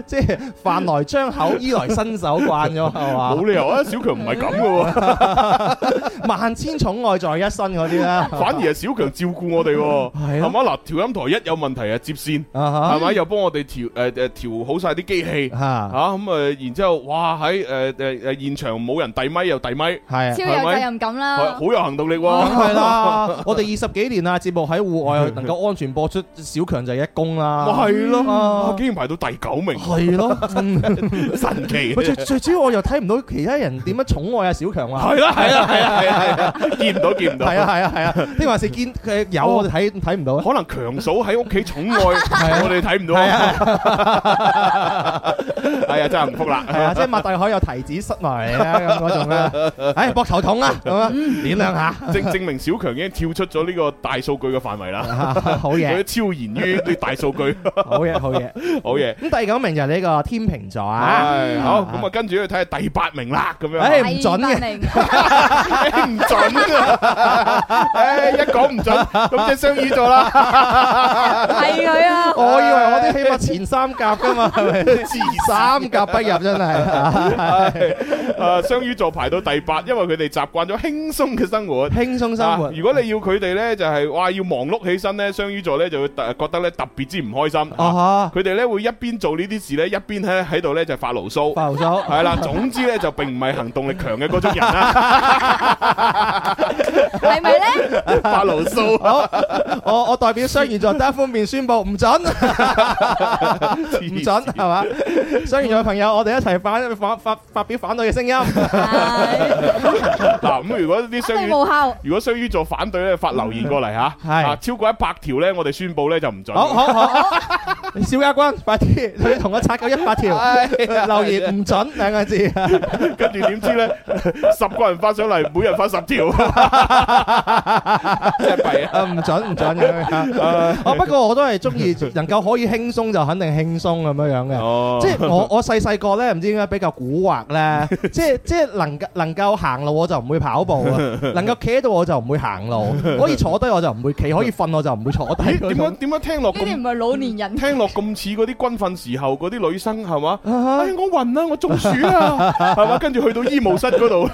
即係飯來張口，衣來伸手，慣咗係嘛？冇理由啊，小強唔係咁噶喎。萬千寵愛在一身嗰啲啊，反而係小強照顧我哋係嘛嗱。調音台一有問題啊，接線係咪，又幫我哋調誒誒調好晒啲機器吓吓咁啊，然之後哇喺誒誒誒現場冇人遞咪又遞咪係，超有責任感啦，好有。行動力喎，係啦，我哋二十幾年啊，節目喺戶外能夠安全播出，小強就一公啦，係咯，竟然排到第九名，係咯，神奇。最最主要我又睇唔到其他人點樣寵愛啊小強啊，係啦係啦係啦係啦，見唔到見唔到，係啊係啊係啊，呢係話是見佢有我哋睇睇唔到，可能強嫂喺屋企寵愛，我哋睇唔到，係啊，係啊，真係唔服啦，即係擘大海有提子塞埋啊咁種啊，哎膊頭痛啊咁啊，點啊！吓，證證明小強已經跳出咗呢個大數據嘅範圍啦，好嘢，超然於啲大數據，好嘢，好嘢，好嘢。咁第九名就係呢個天秤座啊，好，咁啊跟住去睇下第八名啦，咁樣，唔準嘅，唔準嘅，唉，一講唔準，咁即係雙魚座啦，係佢啊，我以為我啲起碼前三甲噶嘛，前三甲不入真係，誒，雙魚座排到第八，因為佢哋習慣咗輕鬆嘅心。生活輕鬆生活，如果你要佢哋咧就係、是、哇要忙碌起身咧，雙魚座咧就會特覺得咧特別之唔開心。佢哋咧會一邊做呢啲事咧，一邊咧喺度咧就是、發牢騷。發牢騷係啦，總之咧就並唔係行動力強嘅嗰種人啦，啊。係咪咧？ <laughs> 發牢騷騷。 <laughs> 我我代表雙魚座單方面宣布唔准，唔 <laughs> 准係嘛？雙魚 <laughs> 座嘅朋友，我哋一齊反發發發，發表反對嘅聲音。嗱 <laughs> 咁， <laughs> <laughs> 啊、如果啲雙魚無效。如果需要做反對咧，發留言過嚟吓，啊超過一百條咧，我哋宣布咧就唔準。好好好，小亞軍，快啲你同我拆夠一百條留言，唔準兩個字。跟住點知咧，十個人發上嚟，每人發十條，啊！唔準唔準咁樣。啊，不過我都係中意能夠可以輕鬆就肯定輕鬆咁樣樣嘅。即係我我細細個咧，唔知點解比較蠱惑咧，即係即係能能夠行路我就唔會跑步啊。能夠企喺度，我就唔會行路；可以坐低我就唔會企，可以瞓我就唔會坐低。點樣，點樣聽落唔係老年人，聽落咁似嗰啲軍訓時候嗰啲女生係嘛？哎，我暈啦，我中暑啊，係嘛？跟住去到醫務室嗰度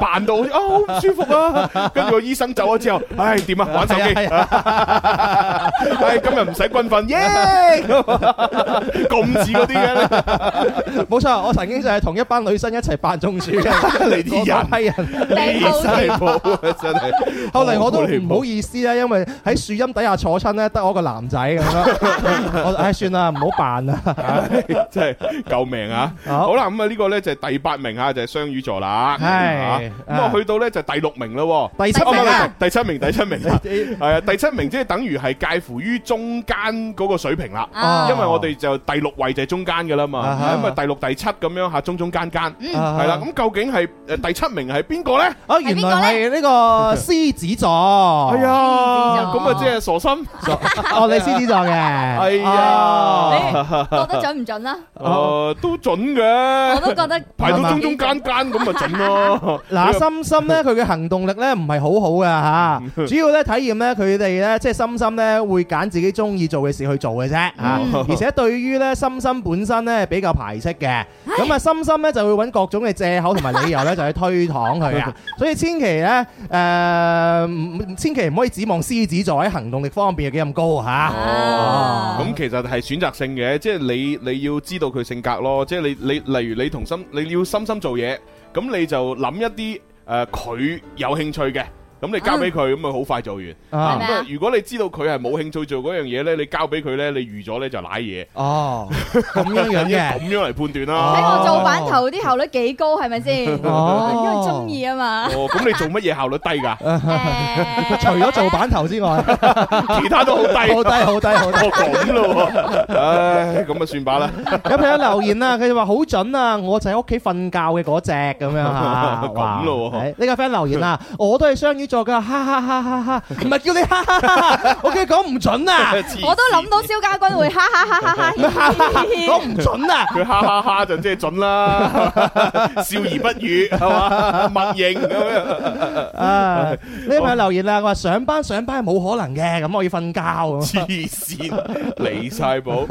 扮到啊，好唔舒服啊！跟住個醫生走咗之後，唉，點啊？玩手機。唉，今日唔使軍訓，耶！咁似嗰啲嘅，冇錯，我曾經就係同一班女生一齊扮中暑嘅，你啲人批人，好真係，後嚟我都唔好意思啦，因為喺樹蔭底下坐親咧，得我個男仔咁樣，唉，算啦，唔好扮啦，真係救命啊！好啦，咁啊呢個咧就第八名啊，就係雙魚座啦，係咁啊去到咧就第六名咯，第七，第七名，第七名，係啊，第七名即係等於係介乎於中間嗰個水平啦，因為我哋就第六位就係中間噶啦嘛，咁啊第六第七咁樣吓中中間間，係啦，咁究竟係誒第七名係邊個咧？啊，原來係。呢個獅子座，哎呀，咁啊即係傻心，你係獅子座嘅，哎呀，覺得準唔準啦？哦，都準嘅，我都覺得排到中中間間咁咪準咯。嗱，心心咧，佢嘅行動力咧唔係好好噶吓，主要咧體驗咧，佢哋咧即係心心咧會揀自己中意做嘅事去做嘅啫，而且對於咧心心本身咧比較排斥嘅，咁啊心心咧就會揾各種嘅借口同埋理由咧就去推搪佢啊，所以千祈咧。誒，uh, 千祈唔可以指望獅子座喺行動力方面有幾咁高吓。咁其實係選擇性嘅，即係你你要知道佢性格咯，即係你你例如你同心你要深深做嘢，咁你就諗一啲誒佢有興趣嘅。咁你交俾佢，咁咪好快做完。如果你知道佢係冇興趣做嗰樣嘢咧，你交俾佢咧，你預咗咧就瀨嘢。哦，咁樣樣，咁樣嚟判斷啦。睇我做版頭啲效率幾高，係咪先？因為中意啊嘛。哦，咁你做乜嘢效率低噶？除咗做版頭之外，其他都好低，好低，好低，好講咯。唉，咁咪算罷啦。咁樣留言啦，佢就話好準啊！我就喺屋企瞓覺嘅嗰隻咁樣吓，咁咯。呢個 friend 留言啊，我都係雙魚。作噶哈哈哈！哈哈，唔係叫你哈哈哈。我梗係講唔準啊！我都諗到蕭家軍會哈哈哈！哈哈，講唔準啊！佢哈哈哈就即係準啦，笑而不語係嘛，默認咁樣啊！呢排留言啦，話上班上班冇可能嘅，咁我要瞓覺。黐線，離晒譜。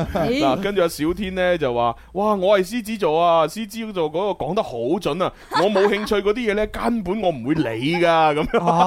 跟住阿小天呢就話：，哇，我係獅子座啊！獅子座嗰個講得好準啊！我冇興趣嗰啲嘢咧，根本我唔會理噶咁樣。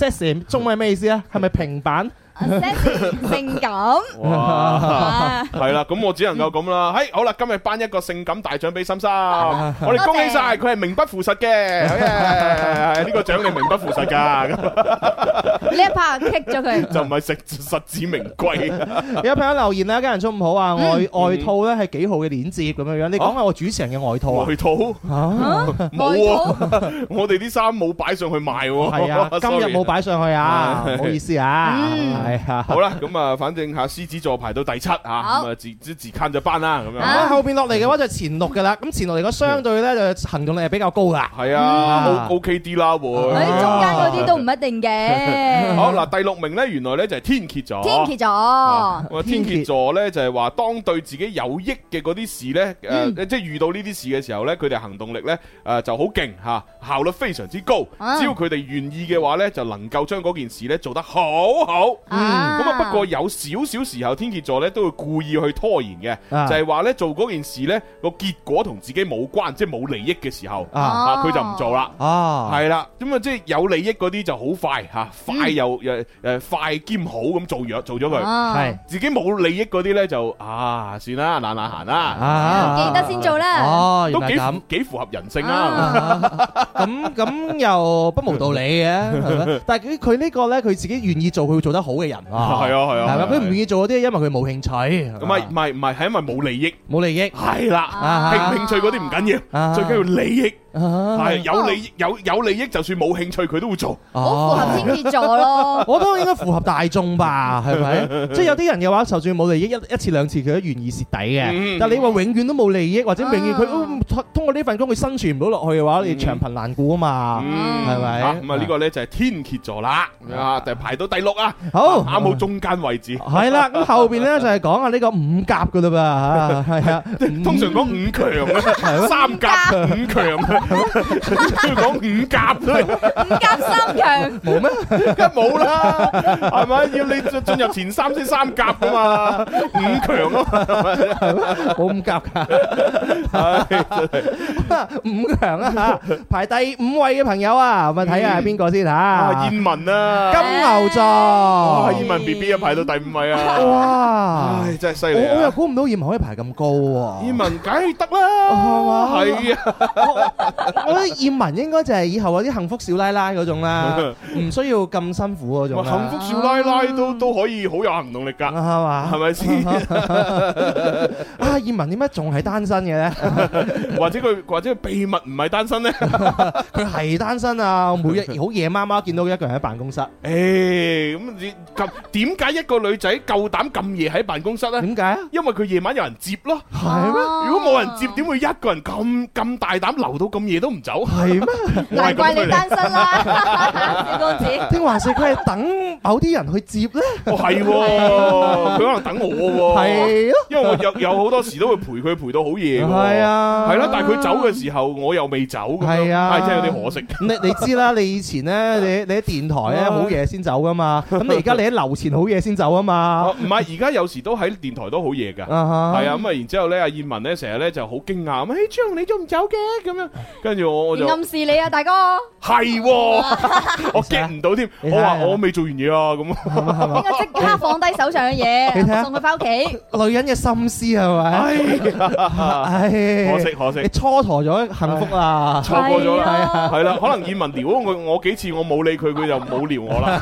s e s a m 中文係咩意思啊？係咪 <noise> 平板？性感哇，係啦，咁我只能夠咁啦。哎，好啦，今日頒一個性感大獎俾心心，我哋恭喜晒佢，係名不副實嘅，呢個獎你名不副實噶。呢一 part 踢咗佢，就唔係實實至名歸。有朋友留言咧，家人中午好啊，外外套咧係幾號嘅鏈接咁樣樣？你講下我主持人嘅外套外套冇啊，我哋啲衫冇擺上去賣，係啊，今日冇擺上去啊，唔好意思啊。好啦，咁啊，反正吓獅子座排到第七啊，咁啊自自自困就翻啦，咁樣。後邊落嚟嘅話就前六噶啦，咁前六嚟個相對咧就行動力係比較高噶。係啊，OK 啲啦喎。中間嗰啲都唔一定嘅。好嗱，第六名咧，原來咧就係天蠍座。天蠍座，天蠍座咧就係話，當對自己有益嘅嗰啲事咧，誒，即係遇到呢啲事嘅時候咧，佢哋行動力咧誒就好勁吓，效率非常之高。只要佢哋願意嘅話咧，就能夠將嗰件事咧做得好好。咁啊！不過有少少時候，天蠍座咧都會故意去拖延嘅，就係話咧做嗰件事咧個結果同自己冇關，即係冇利益嘅時候，啊佢就唔做啦。哦，係啦，咁啊即係有利益嗰啲就好快吓，快又誒誒快兼好咁做嘢做咗佢。係自己冇利益嗰啲咧就啊算啦，懶懶閒啦。啊，記得先做啦。哦，都幾幾符合人性啦。咁咁又不無道理嘅，係咪？但係佢佢呢個咧，佢自己願意做，佢會做得好嘅。係啊，係啊，佢唔願意做嗰啲，因為佢冇興趣。咁啊，唔係唔係，係因為冇利益，冇利益。係啦，興興趣嗰啲唔緊要，啊、最緊要利益。係有利益，有有利益，就算冇興趣佢都會做，好符合天蠍座咯，我覺得應該符合大眾吧，係咪？即係有啲人嘅話，就算冇利益一一次兩次佢都願意蝕底嘅，但係你話永遠都冇利益或者永遠佢都通過呢份工佢生存唔到落去嘅話，你長貧難顧啊嘛，係咪？咁啊呢個咧就係天蠍座啦，啊就排到第六啊，好啱好中間位置，係啦，咁後邊咧就係講下呢個五甲噶啦噃，係啊，通常講五強啊，三甲五強。要講五甲都係五甲三強，冇咩？梗係冇啦，係咪？要你進進入前三先三甲噶嘛？五強啊嘛，冇五甲噶，五強啊，吓，排第五位嘅朋友啊，我睇下邊個先吓。燕文啊，金牛座，燕文 B B 啊，排到第五位啊，哇，唉，真係犀利！我又估唔到燕文可以排咁高，燕文梗係得啦，係嘛？係啊。我覺得燕文應該就係以後嗰啲幸福少奶奶嗰種啦，唔需要咁辛苦嗰種。幸福少奶奶都都可以好有行動力噶，係嘛？係咪先？啊，燕文點解仲係單身嘅咧？或者佢或者佢秘密唔係單身咧？佢係單身啊！每日好夜麻麻見到一個人喺辦公室。誒，咁你咁點解一個女仔夠膽咁夜喺辦公室咧？點解？因為佢夜晚有人接咯。係咩？如果冇人接，點會一個人咁咁大膽留到咁？咁夜都唔走，係咩？難怪你單身啦，小公子。聽話說佢係等某啲人去接咧，係喎，佢可能等我喎，係咯。因為我有有好多時都會陪佢陪到好夜嘅，係啊，係啦。但係佢走嘅時候，我又未走嘅，係啊，係真係有啲可惜。你你知啦，你以前咧，你你喺電台咧，好夜先走噶嘛。咁你而家你喺樓前好夜先走啊嘛？唔係，而家有時都喺電台都好夜噶，係啊。咁啊，然之後咧，阿燕文咧，成日咧就好驚訝，咁誒，張你仲唔走嘅咁樣？跟住我我就暗示你啊，大哥係，我 get 唔到添。我話我未做完嘢啊，咁應該即刻放低手上嘅嘢，你睇下送佢翻屋企。女人嘅心思係咪？係，唉，可惜可惜，你蹉跎咗幸福啦，錯過咗啦，係啦。可能以文撩我，我幾次我冇理佢，佢就冇撩我啦。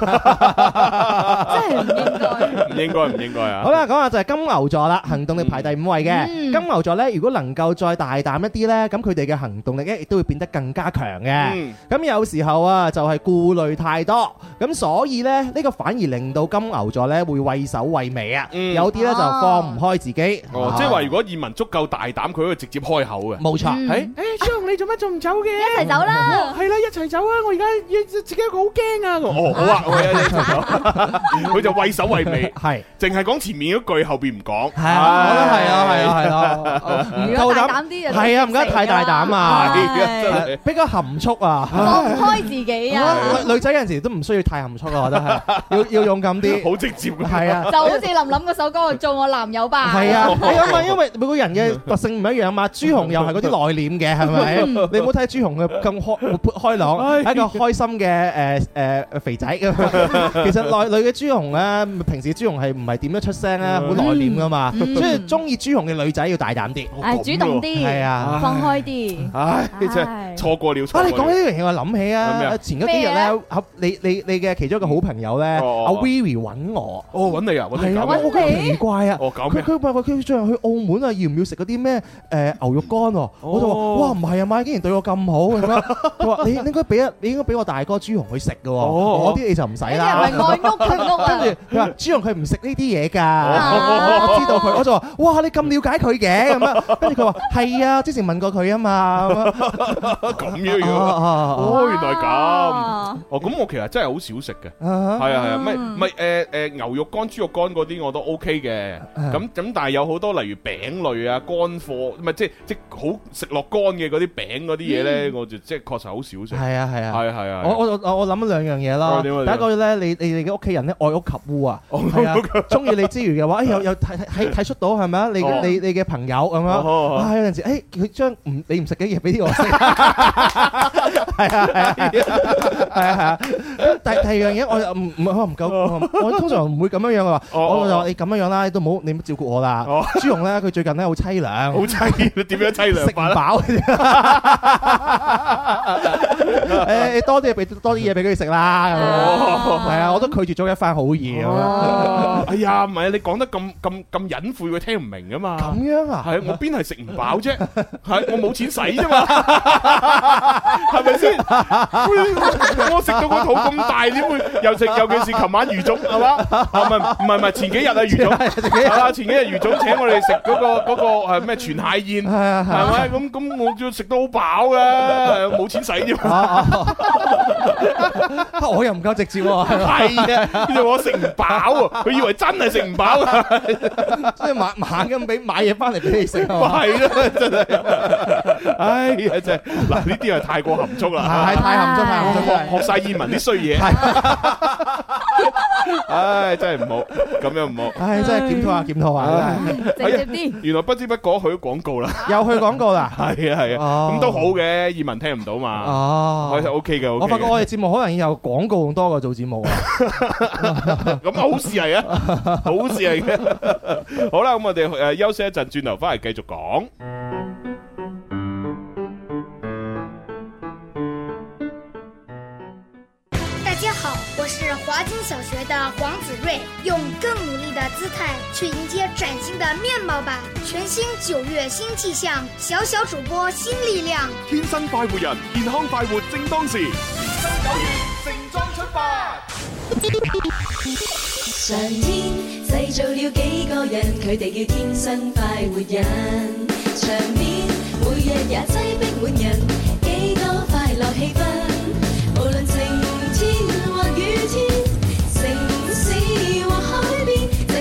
即係唔應該，唔應該，唔應該啊！好啦，講下就係金牛座啦，行動力排第五位嘅金牛座咧，如果能夠再大膽一啲咧，咁佢哋嘅行動力咧。亦都會變得更加強嘅，咁有時候啊就係顧慮太多，咁所以咧呢個反而令到金牛座咧會畏首畏尾啊，有啲咧就放唔開自己。哦，即係話如果移民足夠大膽，佢可以直接開口嘅。冇錯。誒，阿雄你做乜仲唔走嘅？一齊走啦。係啦，一齊走啊！我而家自己一個好驚啊。哦，好啊，一齊走。佢就畏首畏尾，係淨係講前面嗰句，後邊唔講。係，啊，都係咯，係咯，唔夠大膽啲。係啊，唔該太大膽啊。比較含蓄啊，放唔開自己啊。女仔有陣時都唔需要太含蓄啊，我覺得係要要勇敢啲，好直接係啊，就好似林琳嗰首歌做我男友吧。係啊，係啊，因為每個人嘅個性唔一樣啊嘛。朱紅又係嗰啲內斂嘅，係咪？你唔好睇朱紅嘅咁開活潑開朗，係一個開心嘅誒誒肥仔。其實內女嘅朱紅咧，平時朱紅係唔係點樣出聲咧？好內斂噶嘛。所以中意朱紅嘅女仔要大膽啲，主動啲，係啊，放開啲。即係錯過了。啊，你講起呢樣嘢，我諗起啊。前嗰幾日咧，阿你你你嘅其中一個好朋友咧，阿 Wee 揾我。哦，揾你啊！係啊，我覺得奇怪啊。哦，搞咩？佢問我佢最後去澳門啊，要唔要食嗰啲咩誒牛肉乾喎？我就話：哇，唔係啊，嘛竟然對我咁好。佢話：你應該俾一，你應該俾我大哥朱紅去食㗎喎。哦，嗰啲你就唔使啦。因為愛屋及烏。跟住佢話：朱紅佢唔食呢啲嘢㗎。我知道佢，我就話：哇，你咁瞭解佢嘅咁樣。跟住佢話：係啊，之前問過佢啊嘛。咁樣樣，哦，原來咁，哦，咁我其實真係好少食嘅，係啊係啊，唔係唔係，誒誒牛肉乾、豬肉乾嗰啲我都 OK 嘅，咁咁但係有好多例如餅類啊乾貨，唔係即即好食落乾嘅嗰啲餅嗰啲嘢咧，我就即確實好少食，係啊係啊係係啊，我我我我諗咗兩樣嘢啦，第一個咧，你你你哋嘅屋企人咧愛屋及烏啊，係啊，中意你之餘嘅話，哎又又睇睇睇出到係咪啊？你你你嘅朋友咁樣，啊有陣時，誒佢將唔你唔食嘅嘢俾啲我。哈哈哈！係啊！係啊係啊，但第二樣嘢我又唔唔可能唔夠，我通常唔會咁樣樣嘅，我就話你咁樣樣啦，都唔好你照顧我啦。朱紅咧，佢最近咧好淒涼，好淒，點樣淒涼？食唔飽？誒，多啲俾多啲嘢俾佢食啦。係啊，我都拒絕咗一番好嘢。哎呀，唔係啊，你講得咁咁咁隱晦，佢聽唔明噶嘛？咁樣啊？係我邊係食唔飽啫？係我冇錢使啫嘛？係咪先？我食到個肚咁大，點會又食？尤其是琴晚魚總係嘛？啊，唔係唔係唔係，前幾日啊魚總係嘛？前幾日魚總請我哋食嗰個嗰個誒咩全蟹宴，係咪咁咁？我要食到好飽嘅，冇錢使啫嘛。我又唔夠直接，係啊，又話食唔飽啊，佢以為真係食唔飽啊，即係猛猛咁俾買嘢翻嚟俾你食，係咯，真係。哎呀，真嗱呢啲係太過含蓄啦，太含蓄太含蓄。晒意民啲衰嘢，係，唉，真係唔好，咁樣唔好，唉，真係檢討下，檢討下，直接啲。原來不知不覺去咗廣告啦，又去廣告啦，係啊係啊，咁都好嘅，意民聽唔到嘛，哦，係 OK 嘅。我發覺我哋節目可能要有廣告咁多過做節目，咁好事嚟啊，好事嚟。好啦，咁我哋誒休息一陣，轉頭翻嚟繼續講。是華金小學的黃子睿，用更努力的姿態去迎接嶄新的面貌吧！全新九月新氣象，小小主播新力量，天生快活人，健康快活正當時。新生九月盛裝出發。上天製造了幾個人，佢哋叫天生快活人，場邊每日也擠逼滿人，幾多快樂氣氛。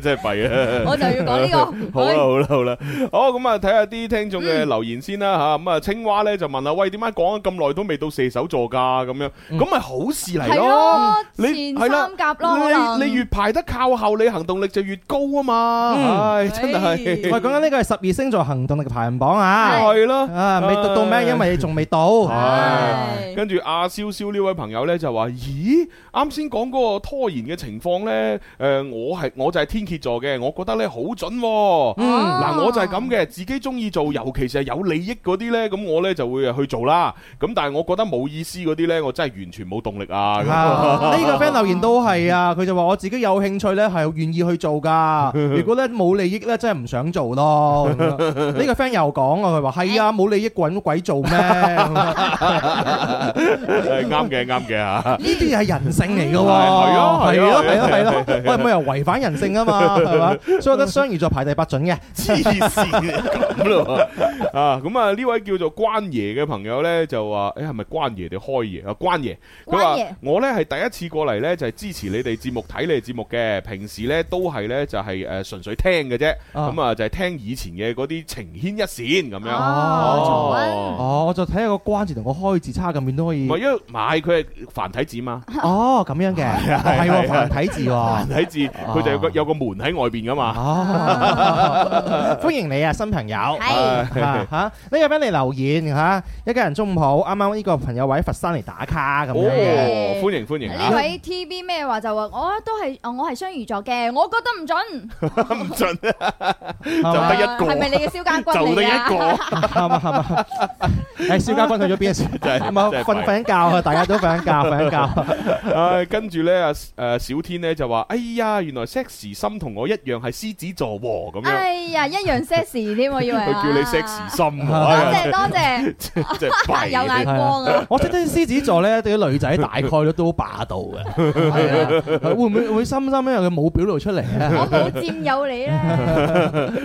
真係弊啊！我就要講呢個好啦，好啦，好啦。好咁啊，睇下啲聽眾嘅留言先啦吓。咁啊，青蛙咧就問啊喂，點解講咗咁耐都未到射手座噶？咁樣咁咪好事嚟咯？你係咯。你越排得靠後，你行動力就越高啊嘛。唉，真係喂，講緊呢個係十二星座行動力嘅排行榜啊。係咯，啊未讀到咩？因為你仲未到。係。跟住阿蕭蕭呢位朋友咧就話：咦，啱先講嗰個拖延嘅情況咧，誒，我。我係我就係天蠍座嘅，我覺得咧好準。嗱，我就係咁嘅，自己中意做，尤其是係有利益嗰啲咧，咁我咧就會啊去做啦。咁但係我覺得冇意思嗰啲咧，我真係完全冇動力啊。呢個 friend 留言都係啊，佢就話我自己有興趣咧係願意去做噶。如果咧冇利益咧，真係唔想做咯。呢個 friend 又講啊，佢話係啊，冇利益搵鬼做咩？啱嘅，啱嘅吓。呢啲係人性嚟噶。係咯，係咯，係咯，係咯。喂，咁又為？違反人性啊嘛，係嘛，所以我覺得雙魚座排第八準嘅，黐線咁咯啊！咁啊呢位叫做關爺嘅朋友咧就話，哎，係咪關爺定開爺啊？關爺，佢話我咧係第一次過嚟咧，就係支持你哋節目睇你哋節目嘅，平時咧都係咧就係誒純粹聽嘅啫。咁啊就係聽以前嘅嗰啲情牽一線咁樣。哦，哦，我就睇下個關字同個開字差咁遠都可以。唔係，因為買佢係繁體字嘛。哦，咁樣嘅，係繁體字。繁體字。佢就有個有個門喺外邊噶嘛，歡迎你啊新朋友，吓呢入邊嚟留言吓，一家人中午好，啱啱呢個朋友位喺佛山嚟打卡咁樣，歡迎歡迎。呢位 T B 咩話？就話，我都係我係雙魚座嘅，我覺得唔準，唔準，就得一個，係咪你嘅蕭家軍就得一個，係嘛係嘛，誒蕭家軍去咗邊瞓瞓覺啊，大家都瞓緊覺瞓覺。唉，跟住咧啊誒小天咧就話，哎呀 sex 心同我一樣係獅子座咁樣，哎呀，一樣 sex 添，我以為佢叫你 sex 心，多謝多謝，有眼光啊！我識得獅子座咧，對啲女仔大概都好霸道嘅，係啊，會唔會會深深因為佢冇表露出嚟，我冇佔有你啦，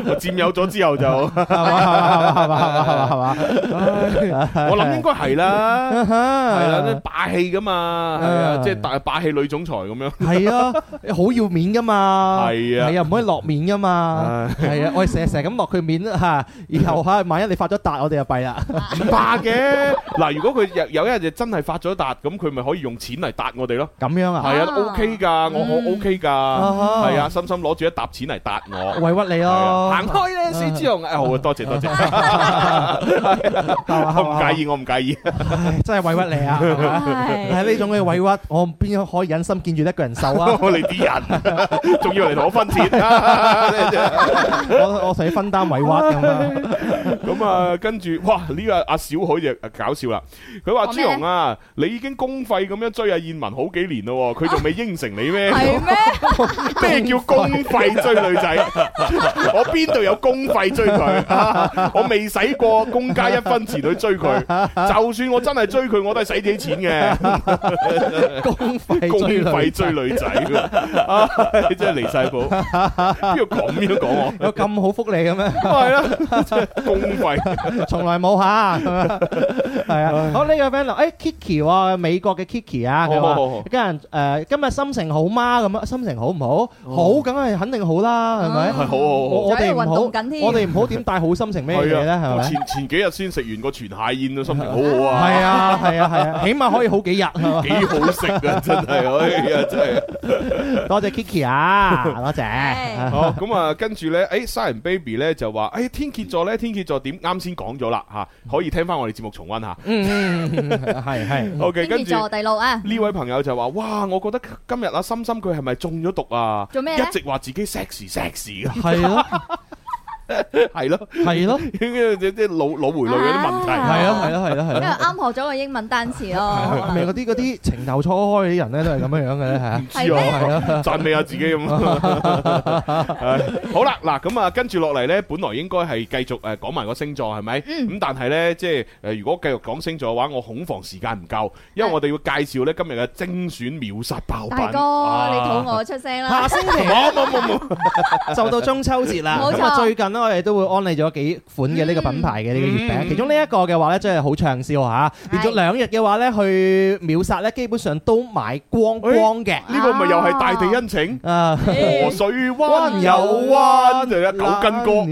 我佔有咗之後就係嘛係嘛係嘛係嘛，我諗應該係啦，係啦，霸氣噶嘛，係啊，即係大霸氣女總裁咁樣，係啊，好要面噶。嘛係啊，係啊，唔可以落面噶嘛，係啊，我哋成日成日咁落佢面啦吓，然後吓萬一你發咗達，我哋就弊啦，唔怕嘅。嗱，如果佢有有一日真係發咗達，咁佢咪可以用錢嚟達我哋咯？咁樣啊？係啊，OK 噶，我我 OK 噶，係啊，心心攞住一沓錢嚟達我，委屈你咯，行開啦，司徒雄，多謝多謝，我唔介意，我唔介意，真係委屈你啊，係呢種嘅委屈，我邊可以忍心見住一個人受啊？你啲人。仲 <laughs> 要嚟同我分錢，啊、 <laughs> 我我使分擔委屈咁樣。咁、嗯嗯嗯、啊，跟住哇，呢、 <laughs> 啊這個阿小海就搞笑啦。佢話朱榮啊，你已經公費咁樣追阿燕文好幾年咯，佢仲未應承你咩？咩？ <laughs> <laughs> 叫公費追女仔、 <laughs> 啊？我邊度有公費追佢？我未使過公家一分錢去追佢。 <laughs> 就算我真係追佢，我都係使自己錢嘅。 <laughs> 公費公費追女仔 <laughs> 你真係離晒譜，邊度講邊度講我？有咁好福利嘅咩？都係啦，公費從來冇吓，係啊。好呢個 friend 嚟，誒 Kiki 啊，美國嘅 Kiki 啊，好，好，好，跟人誒今日心情好嗎？咁樣，心情好唔好？好，梗係肯定好啦，係咪？係好好好，我哋好，我哋唔好點帶好心情咩嘢咧？係咪？前前幾日先食完個全蟹宴啊，心情好好啊，係啊，係啊，係啊，起碼可以好幾日。幾好食啊！真係，哎呀，真係，多謝 Kiki。啊，多謝。好，咁啊，跟住呢誒、欸、，Sign Baby 呢就話，誒、欸，天蠍座呢，天蠍座點？啱先講咗啦，吓、啊，可以聽翻我哋節目重溫下。嗯 <laughs> okay, 着，係係。O K，跟住第六啊，呢位朋友就話，哇，我覺得今日阿、啊、心心佢係咪中咗毒啊？做咩？一直話自己 sexy sexy 嘅。係啊。 <laughs> 係咯，係咯，即係即係腦腦回路嗰啲問題，係啊，係啦，係啦，係啦，因為啱學咗個英文單詞咯，係咪嗰啲嗰啲情竇初開嘅人咧，都係咁樣樣嘅，係啊，係啊，讚美下自己咁啊，好啦，嗱咁啊，跟住落嚟咧，本來應該係繼續誒講埋個星座係咪？咁但係咧，即係誒，如果繼續講星座嘅話，我恐防時間唔夠，因為我哋要介紹咧今日嘅精選秒殺爆品，大哥，你肚餓出聲啦，下星期冇冇冇，就到中秋節啦，冇錯，最近啦。我哋都會安利咗幾款嘅呢個品牌嘅呢個月餅，其中呢一個嘅話咧，真係好暢銷嚇，連續兩日嘅話咧，去秒殺咧，基本上都買光光嘅。呢個咪又係大地恩情啊！河水灣有灣就有九斤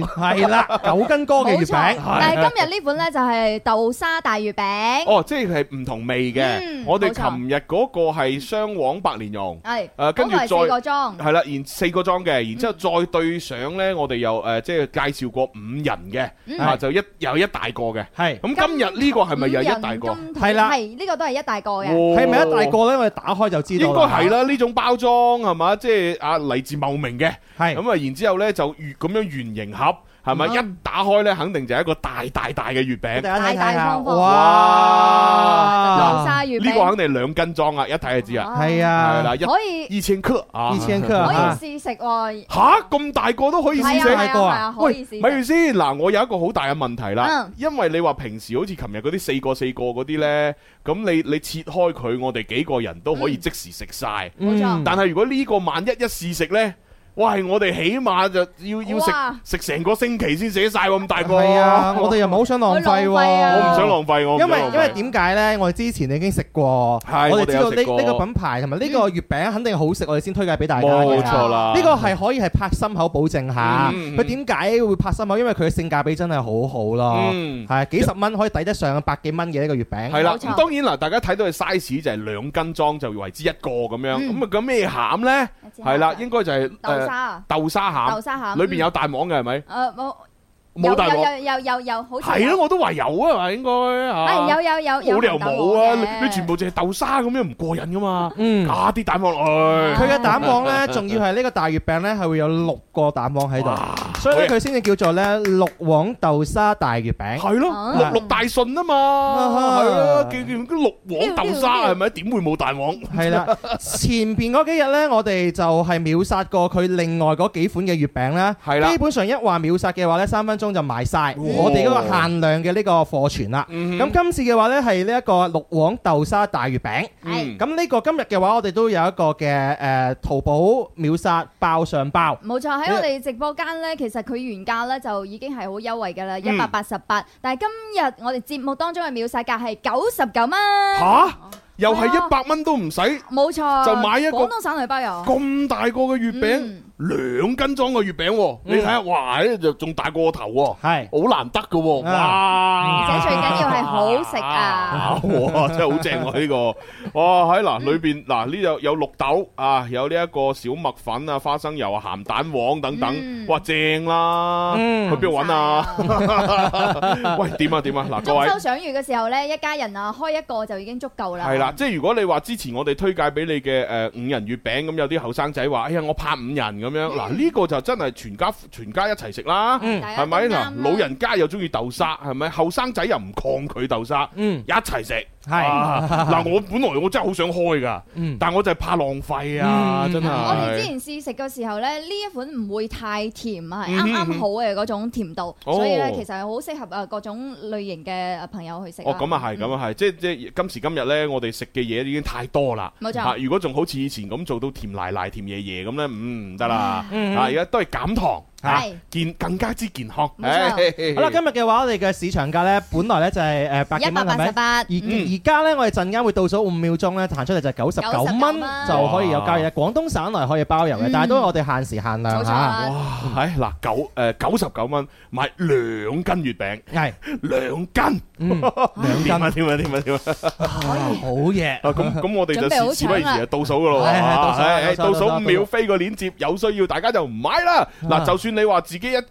哥，係啦，九斤哥嘅月餅。但係今日呢款咧就係豆沙大月餅。哦，即係唔同味嘅。嗯，我哋琴日嗰個係雙黃白蓮蓉。係。誒，今日係四個裝係啦，然四個裝嘅，然之後再對上咧，我哋又誒即係。介紹過五人嘅，嚇是就一有一大個嘅，係咁是今日呢個係咪又一大個？係啦、啊，係呢個都係一大個嘅，係咪一大個咧？我哋打開就知道啦。應該係啦，呢種包裝係嘛，即係啊嚟自茂名嘅，係咁啊，然之後咧就咁樣圓形盒，係咪一打開咧，肯定就係一個大大大嘅月餅，大大方方哇！流沙月餅呢個肯定兩斤裝啊，一睇就知啊。係啊，可以二千克啊，二千克啊，可以試食喎。吓，咁大個都可以試食，大個啊？喂，唔好意思，嗱，我有一個好大嘅問題啦，因為你話平時好似琴日嗰啲四個四個嗰啲咧，咁你你切開佢，我哋幾個人都可以即時食晒。冇錯。但係如果呢個萬一一試食咧？哇！係我哋起碼就要要食食成個星期先食晒咁大個。係啊，我哋又唔係好想浪費，我唔想浪費。我因為因為點解咧？我哋之前已經食過，我哋知道呢呢個品牌同埋呢個月餅肯定好食，我哋先推介俾大家嘅。冇錯啦，呢個係可以係拍心口保證下。佢點解會拍心口？因為佢嘅性價比真係好好咯。嗯，係幾十蚊可以抵得上百幾蚊嘅呢個月餅。係啦，咁當然啦，大家睇到嘅 size 就係兩斤裝就為之一個咁樣。咁啊，咁咩餡咧？係啦，應該就係誒。豆沙餡，豆沙餡，裏邊有蛋黃嘅係咪？誒、嗯，冇。呃冇蛋黃，又又又又又好。係咯，我都話有啊，係咪應該吓。哎，有有有有，冇理由冇啊！你全部淨係豆沙咁樣，唔過癮噶嘛？嗯，打啲蛋黃落去。佢嘅蛋黃咧，仲要係呢個大月餅咧，係會有六個蛋黃喺度。所以咧，佢先至叫做咧六黃豆沙大月餅。係咯，六六大順啊嘛。係啊，叫叫六黃豆沙係咪？點會冇蛋黃？係啦。前邊嗰幾日咧，我哋就係秒殺過佢另外嗰幾款嘅月餅咧。係啦。基本上一話秒殺嘅話咧，三分。中就賣晒，我哋嗰個限量嘅呢個貨存啦。咁今次嘅話咧，係呢一個六黃豆沙大月餅。咁呢個今日嘅話，我哋都有一個嘅誒淘寶秒殺包上包。冇錯，喺我哋直播間咧，其實佢原價咧就已經係好優惠噶啦，一百八十八。但係今日我哋節目當中嘅秒殺價係九十九蚊。吓，又係一百蚊都唔使。冇錯，就買一個廣東省嚟，包郵。咁大個嘅月餅。兩斤裝嘅月餅，你睇下，哇，呢就仲大過頭，係是，好難得㗎，哇！而且最緊要係好食啊！哇，真係好正喎呢個， <laughs> 哇，喺嗱裏邊嗱呢度有綠豆啊，有呢一個小麥粉啊、花生油啊、鹹蛋黃等等，嗯、哇，正啦！嗯、去邊度搵啊？嗯、 <laughs> <laughs> 喂，點啊點啊！嗱、啊啊，各位中秋賞月嘅時候咧，一家人啊開一個就已經足夠啦。係啦，即、嗯、係如果你話之前我哋推介俾你嘅誒五仁月餅咁，有啲後生仔話，哎呀，我拍五仁嘅。咁樣嗱，呢個就真係全家全家一齊食啦，係咪嗱？老人家又中意豆沙，係咪？後生仔又唔抗拒豆沙，一齊食。係嗱，我本來我真係好想開噶，但我就係怕浪費啊，真係。我哋之前試食嘅時候咧，呢一款唔會太甜啊，啱啱好嘅嗰種甜度，所以咧其實係好適合誒各種類型嘅朋友去食。哦，咁啊係，咁啊係，即係即係今時今日咧，我哋食嘅嘢已經太多啦。冇錯，如果仲好似以前咁做到甜奶奶、甜爺爺咁咧，嗯，唔得啦。啊啊！而家都係減糖。係健更加之健康，好啦，今日嘅話我哋嘅市場價咧，本來咧就係誒百幾蚊，一百八十八，而而家咧我哋陣間會倒數五秒鐘咧，彈出嚟就九十九蚊就可以有交易啦。廣東省內可以包郵嘅，但係都係我哋限時限量吓。哇，係嗱九誒九十九蚊買兩斤月餅，係兩斤，兩斤，點啊點啊點啊點啊，係好嘢。咁咁我哋就事不宜遲啊，倒數噶咯，係係倒數五秒飛個鏈接，有需要大家就唔買啦。嗱就算。你話自己一誒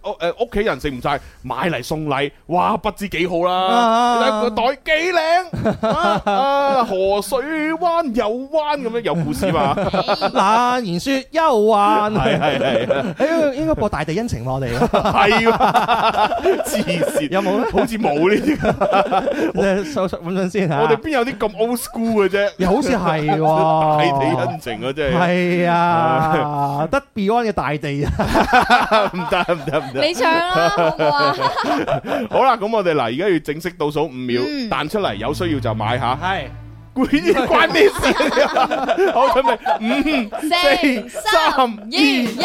屋企人食唔晒，買嚟送禮，哇不知幾好啦、啊！個、啊啊啊啊、袋幾靚、啊啊啊、河水彎有彎咁樣，有故事嘛？嗱、啊，言說幽怨，係係係，應該播大地恩情我哋啦、啊啊，係自設有冇好似冇呢啲， <laughs> 嗯啊、我搜出搵先吓。我哋邊有啲咁 old school 嘅啫、啊？又好似係、哦、大地恩情啊，啫。係係啊，得 Beyond 嘅大地啊。 <laughs> <laughs> 唔得唔得唔得，你唱啦好啊！好啦，咁我哋嗱，而家要正式倒數五秒，彈出嚟，有需要就買下。係，關咩事啊？好準備，五、四、三、二、一，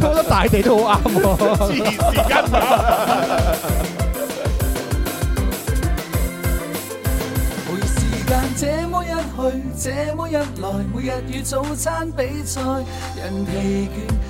覺得大地都好啱喎。時間唔夠。每時間這麼一去，這麼一來，每日與早餐比賽，人疲倦。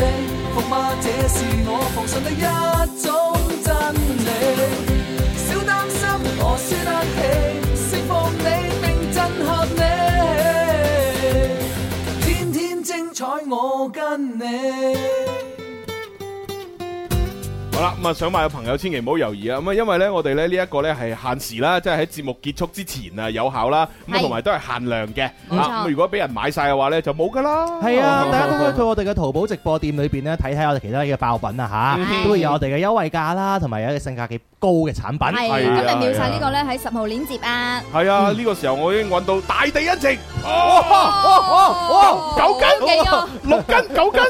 服嗎？這是我奉信的一種真理。少擔心我，我輸得起，釋放你並震撼你，天天精彩我跟你。咁啊，想買嘅朋友千祈唔好猶豫啊！咁啊，因為咧，我哋咧呢一個咧係限時啦，即係喺節目結束之前啊有效啦，咁啊同埋都係限量嘅。冇錯，如果俾人買晒嘅話咧，就冇噶啦。係啊，大家可以去我哋嘅淘寶直播店裏邊咧，睇睇我哋其他嘅爆品啊吓，都會有我哋嘅優惠價啦，同埋有一個性價幾高嘅產品。係今日秒晒呢個咧喺十號鏈接啊。係啊，呢個時候我已經揾到大地恩情，哇哇哇，九斤幾啊，六斤九斤。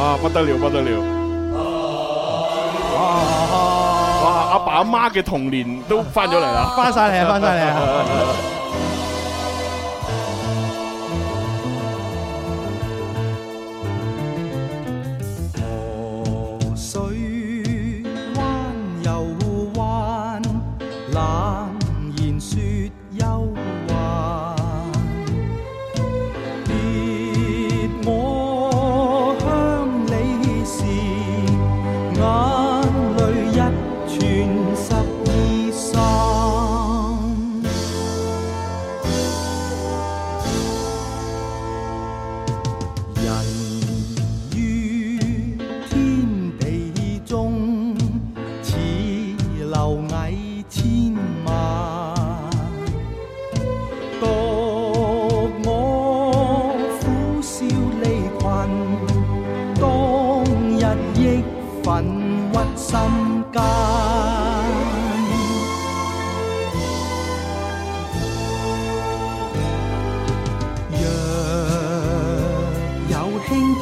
啊！不得了，不得了！哇！阿爸阿媽嘅童年都翻咗嚟啦，翻晒嚟啊，翻晒嚟啊！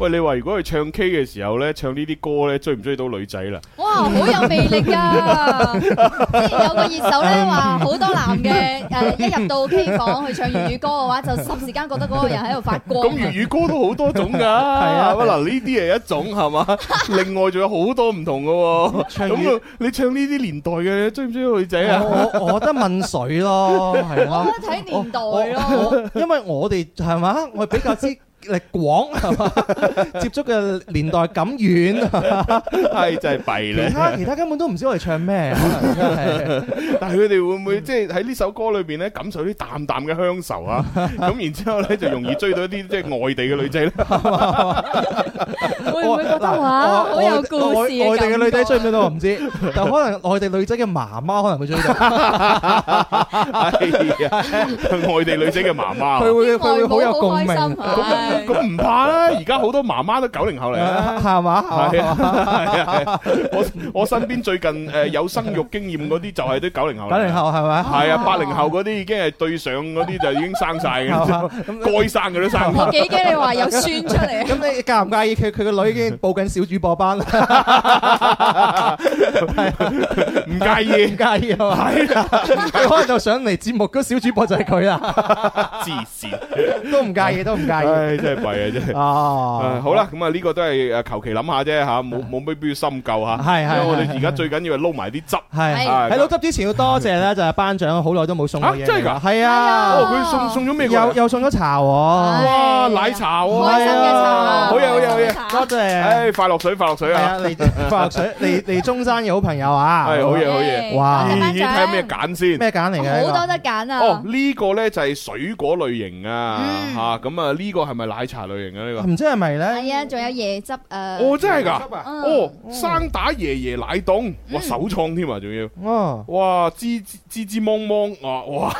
喂，你話如果去唱 K 嘅時候咧，唱呢啲歌咧，追唔追到女仔啦？哇，好有魅力啊！之前 <laughs> 有個熱搜咧，話好多男嘅誒， <laughs> 一入到 K 房去唱粵語歌嘅話，就霎時間覺得嗰個人喺度發光、啊。咁粵語歌都好多種噶、啊，係 <laughs> 啊嗱，呢啲係一種係嘛，另外仲有好多唔同嘅、啊。咁、 <laughs> 啊、你唱呢啲年代嘅追唔追到女仔啊？我我覺得問水咯，我睇我年代咯， <laughs> 因為我哋係嘛，我比較知。力廣，接觸嘅年代咁遠，係真係弊咧。其他其他根本都唔知我哋唱咩，可能真係。但係佢哋會唔會即係喺呢首歌裏邊咧，感受啲淡淡嘅鄉愁啊？咁然之後咧，就容易追到一啲即係外地嘅女仔咧。會唔會覺得話，好有故事感？外地嘅女仔追唔追到，我唔知。但係可能外地女仔嘅媽媽可能會追到。係啊，外地女仔嘅媽媽。佢會佢會好有共鳴。咁唔怕啦、啊，而家好多媽媽都九零後嚟啦，係嘛嗎？係啊，係啊，我 <laughs> <laughs> 我身邊最近誒有生育經驗嗰啲，就係啲九零後。九零後係咪啊？係啊，八零後嗰啲已經係對上嗰啲就已經生晒嘅，該生嘅都生。我幾驚你話有孫出嚟。咁你介唔介意佢佢個女已經報緊小主播班？ <laughs> <laughs> 係唔介意？唔介意啊嘛，佢可能就上嚟節目嗰小主播就係佢啦，芝士都唔介意，都唔介意，真係弊啊真。哦，好啦，咁啊呢個都係誒求其諗下啫吓，冇冇咩必要深究吓。係係，我哋而家最緊要係撈埋啲汁。係喺撈汁之前要多謝咧，就係班長好耐都冇送過嘢，真係噶，係啊，佢送送咗咩？又又送咗茶喎，哇奶茶喎，好嘢好嘢好嘢，多謝，快樂水快樂水啊，嚟快樂水嚟嚟中。生嘅好朋友啊，係好嘢好嘢，哇！睇下咩揀先，咩揀嚟嘅？好多得揀啊！哦，呢個咧就係水果類型啊，吓咁啊呢個係咪奶茶類型啊？呢個唔知係咪咧？係啊，仲有椰汁誒！哦，真係噶，哦生打椰椰奶凍，哇手創添啊，仲要，哇，滋滋滋滋芒芒啊，哇，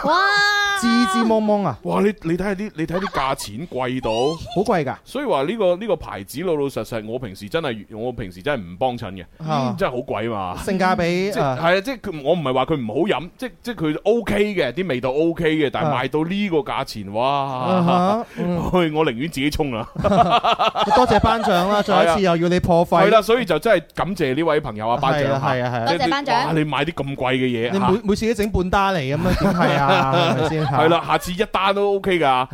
滋滋芒芒啊，哇你你睇下啲你睇下啲價錢貴到好貴噶，所以話呢個呢個牌子，老老實實我平時真係我平時真係唔幫襯嘅，真係好貴。性價比，係啊，即係佢，我唔係話佢唔好飲，即係即係佢 O K 嘅，啲味道 O K 嘅，但係賣到呢個價錢，哇！去我寧願自己沖啦。多謝班長啦，再一次又要你破費。係啦，所以就真係感謝呢位朋友啊，班長。係啊係啊，多謝班長。你買啲咁貴嘅嘢，你每每次都整半單嚟咁啊？係啊，係咪先？係啦，下次一單都 O K 噶。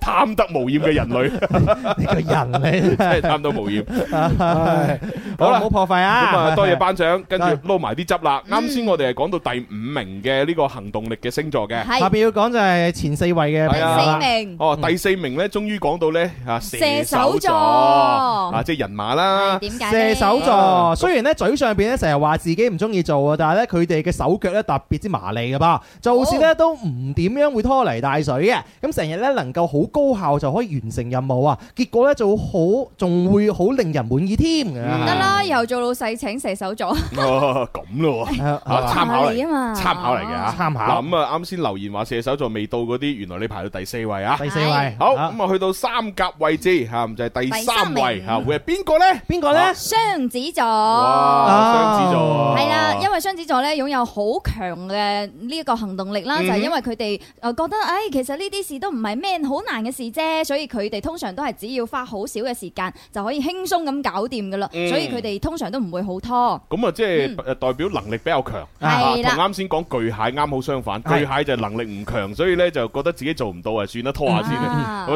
貪得無厭嘅人類，你個人咧真係貪得無厭。好啦，唔好破費啊！咁啊，多謝班長，跟住撈埋啲汁啦。啱先我哋係講到第五名嘅呢個行動力嘅星座嘅，下邊要講就係前四位嘅第四名。哦，第四名咧，終於講到咧啊，射手座啊，即係人馬啦。點解？射手座雖然咧嘴上邊咧成日話自己唔中意做啊，但係咧佢哋嘅手腳咧特別之麻利噶噃，做事咧都唔點樣會拖泥帶水嘅。咁成日咧能夠好高效就可以完成任務啊！結果咧就好，仲會好令人滿意添。唔得啦，以後做老細請射手座。咁咯喎，參考嚟啊嘛，參考嚟嘅嚇，參考。咁啊，啱先留言話射手座未到嗰啲，原來你排到第四位啊。第四位。好，咁啊，去到三甲位置嚇，就係第三位嚇，會係邊個咧？邊個咧？雙子座。哇！雙子座。係啦，因為雙子座咧擁有好強嘅呢一個行動力啦，就係因為佢哋啊覺得，唉，其實呢啲事，都唔係咩好難嘅事啫，所以佢哋通常都係只要花好少嘅時間就可以輕鬆咁搞掂噶啦，所以佢哋通常都唔會好拖。咁啊，即係代表能力比較強，係啦，啱先講巨蟹啱好相反。巨蟹就能力唔強，所以咧就覺得自己做唔到啊，算啦，拖下先。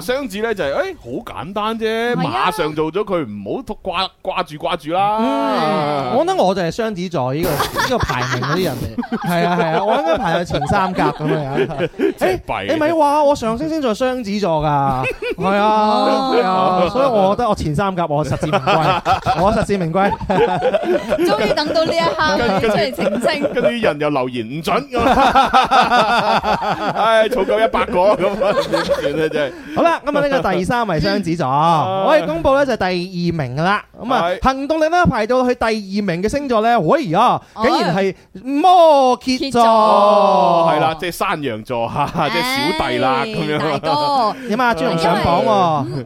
雙子咧就係誒，好簡單啫，馬上做咗佢，唔好掛掛住掛住啦。我覺得我就係雙子座呢個呢個排名嗰啲人嚟，係啊係啊，我應該排喺前三甲咁樣。誒，你咪話我上星星在雙子座噶，係啊，所以我覺得我前三甲我實至名歸，我實至名歸，終於等到呢一刻出嚟澄清，跟住啲人又留言唔准，唉，儲夠一百個咁，好啦，咁啊呢個第三位雙子座，我哋公布咧就第二名啦，咁啊行動力咧排到去第二名嘅星座咧，喂呀，竟然係摩羯座，係啦，即係山羊座吓，即係小弟啦。大哥，點啊？朱玲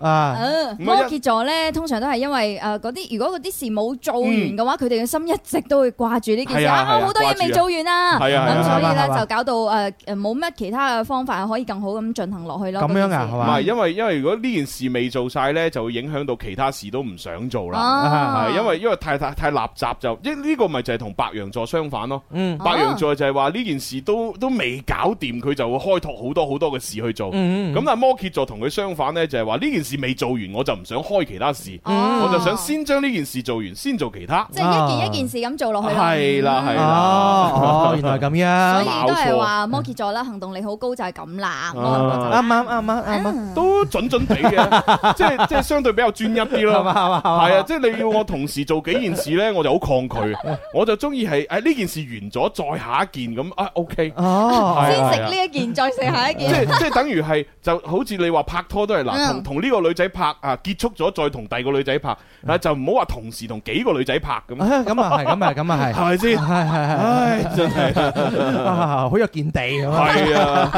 啊，摩羯座咧通常都係因為誒嗰啲，如果嗰啲事冇做完嘅話，佢哋嘅心一直都會掛住呢件事，好多嘢未做完啊，係啊，咁所以咧就搞到誒誒冇乜其他嘅方法可以更好咁進行落去咯。咁樣啊，係嘛？因為因為如果呢件事未做晒咧，就會影響到其他事都唔想做啦。係因為因為太太太垃圾就，呢呢個咪就係同白羊座相反咯。白羊座就係話呢件事都都未搞掂，佢就會開拓好多好多嘅事去做。咁但摩羯座同佢相反咧，就係話呢件事未做完，我就唔想開其他事，我就想先將呢件事做完，先做其他，即係一件一件事咁做落去。係啦，係啦，哦，原來咁樣，所以都係話摩羯座啦，行動力好高就係咁啦，啱啱啱啱，都準準地嘅，即係即係相對比較專一啲咯，係啊，即係你要我同時做幾件事咧，我就好抗拒，我就中意係誒呢件事完咗再下一件咁啊，OK，先食呢一件再食下一件，即係等於。如係就好似你話拍拖都係嗱，同同呢個女仔拍啊，結束咗再同第二個女仔拍啊，就唔好話同時同幾個女仔拍咁啊。咁啊係，咁啊咁啊係，係咪先？係係係。唉，真係好有見地咁啊。係啊，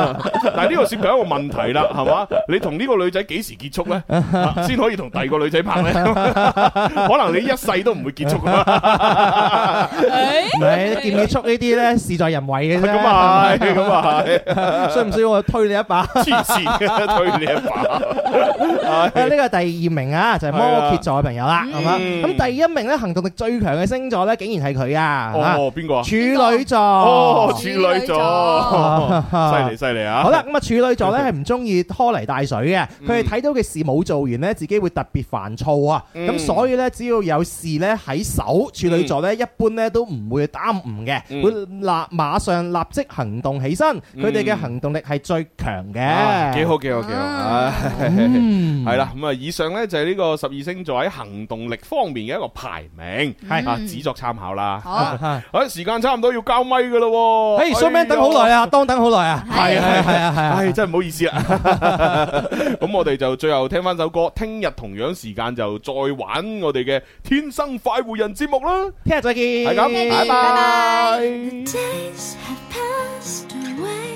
但係呢個涉及一個問題啦，係嘛？你同呢個女仔幾時結束咧，先可以同第二個女仔拍咧？可能你一世都唔會結束啦。唔係，結唔結束呢啲咧，事在人為嘅啫。咁啊係，咁啊係，需唔需要我推你一把？推呢個第二名啊，就係摩羯座嘅朋友啦，係嘛？咁第一名咧，行動力最強嘅星座咧，竟然係佢啊哦，邊個啊？處女座哦，處女座，犀利犀利啊！好啦，咁啊，處女座咧係唔中意拖泥帶水嘅，佢哋睇到嘅事冇做完咧，自己會特別煩躁啊。咁所以咧，只要有事咧喺手，處女座咧一般咧都唔會耽誤嘅，會立馬上立即行動起身，佢哋嘅行動力係最強嘅。幾好幾好幾好，係啦。咁啊，以上咧就係呢個十二星座喺行動力方面嘅一個排名，係啊，只作參考啦。好，好，時間差唔多要交咪噶啦。誒，Superman 等好耐啊，當等好耐啊，係啊，係啊，係啊，係真係唔好意思啊。咁我哋就最後聽翻首歌，聽日同樣時間就再玩我哋嘅天生快活人節目啦。聽日再見，係咁，拜拜。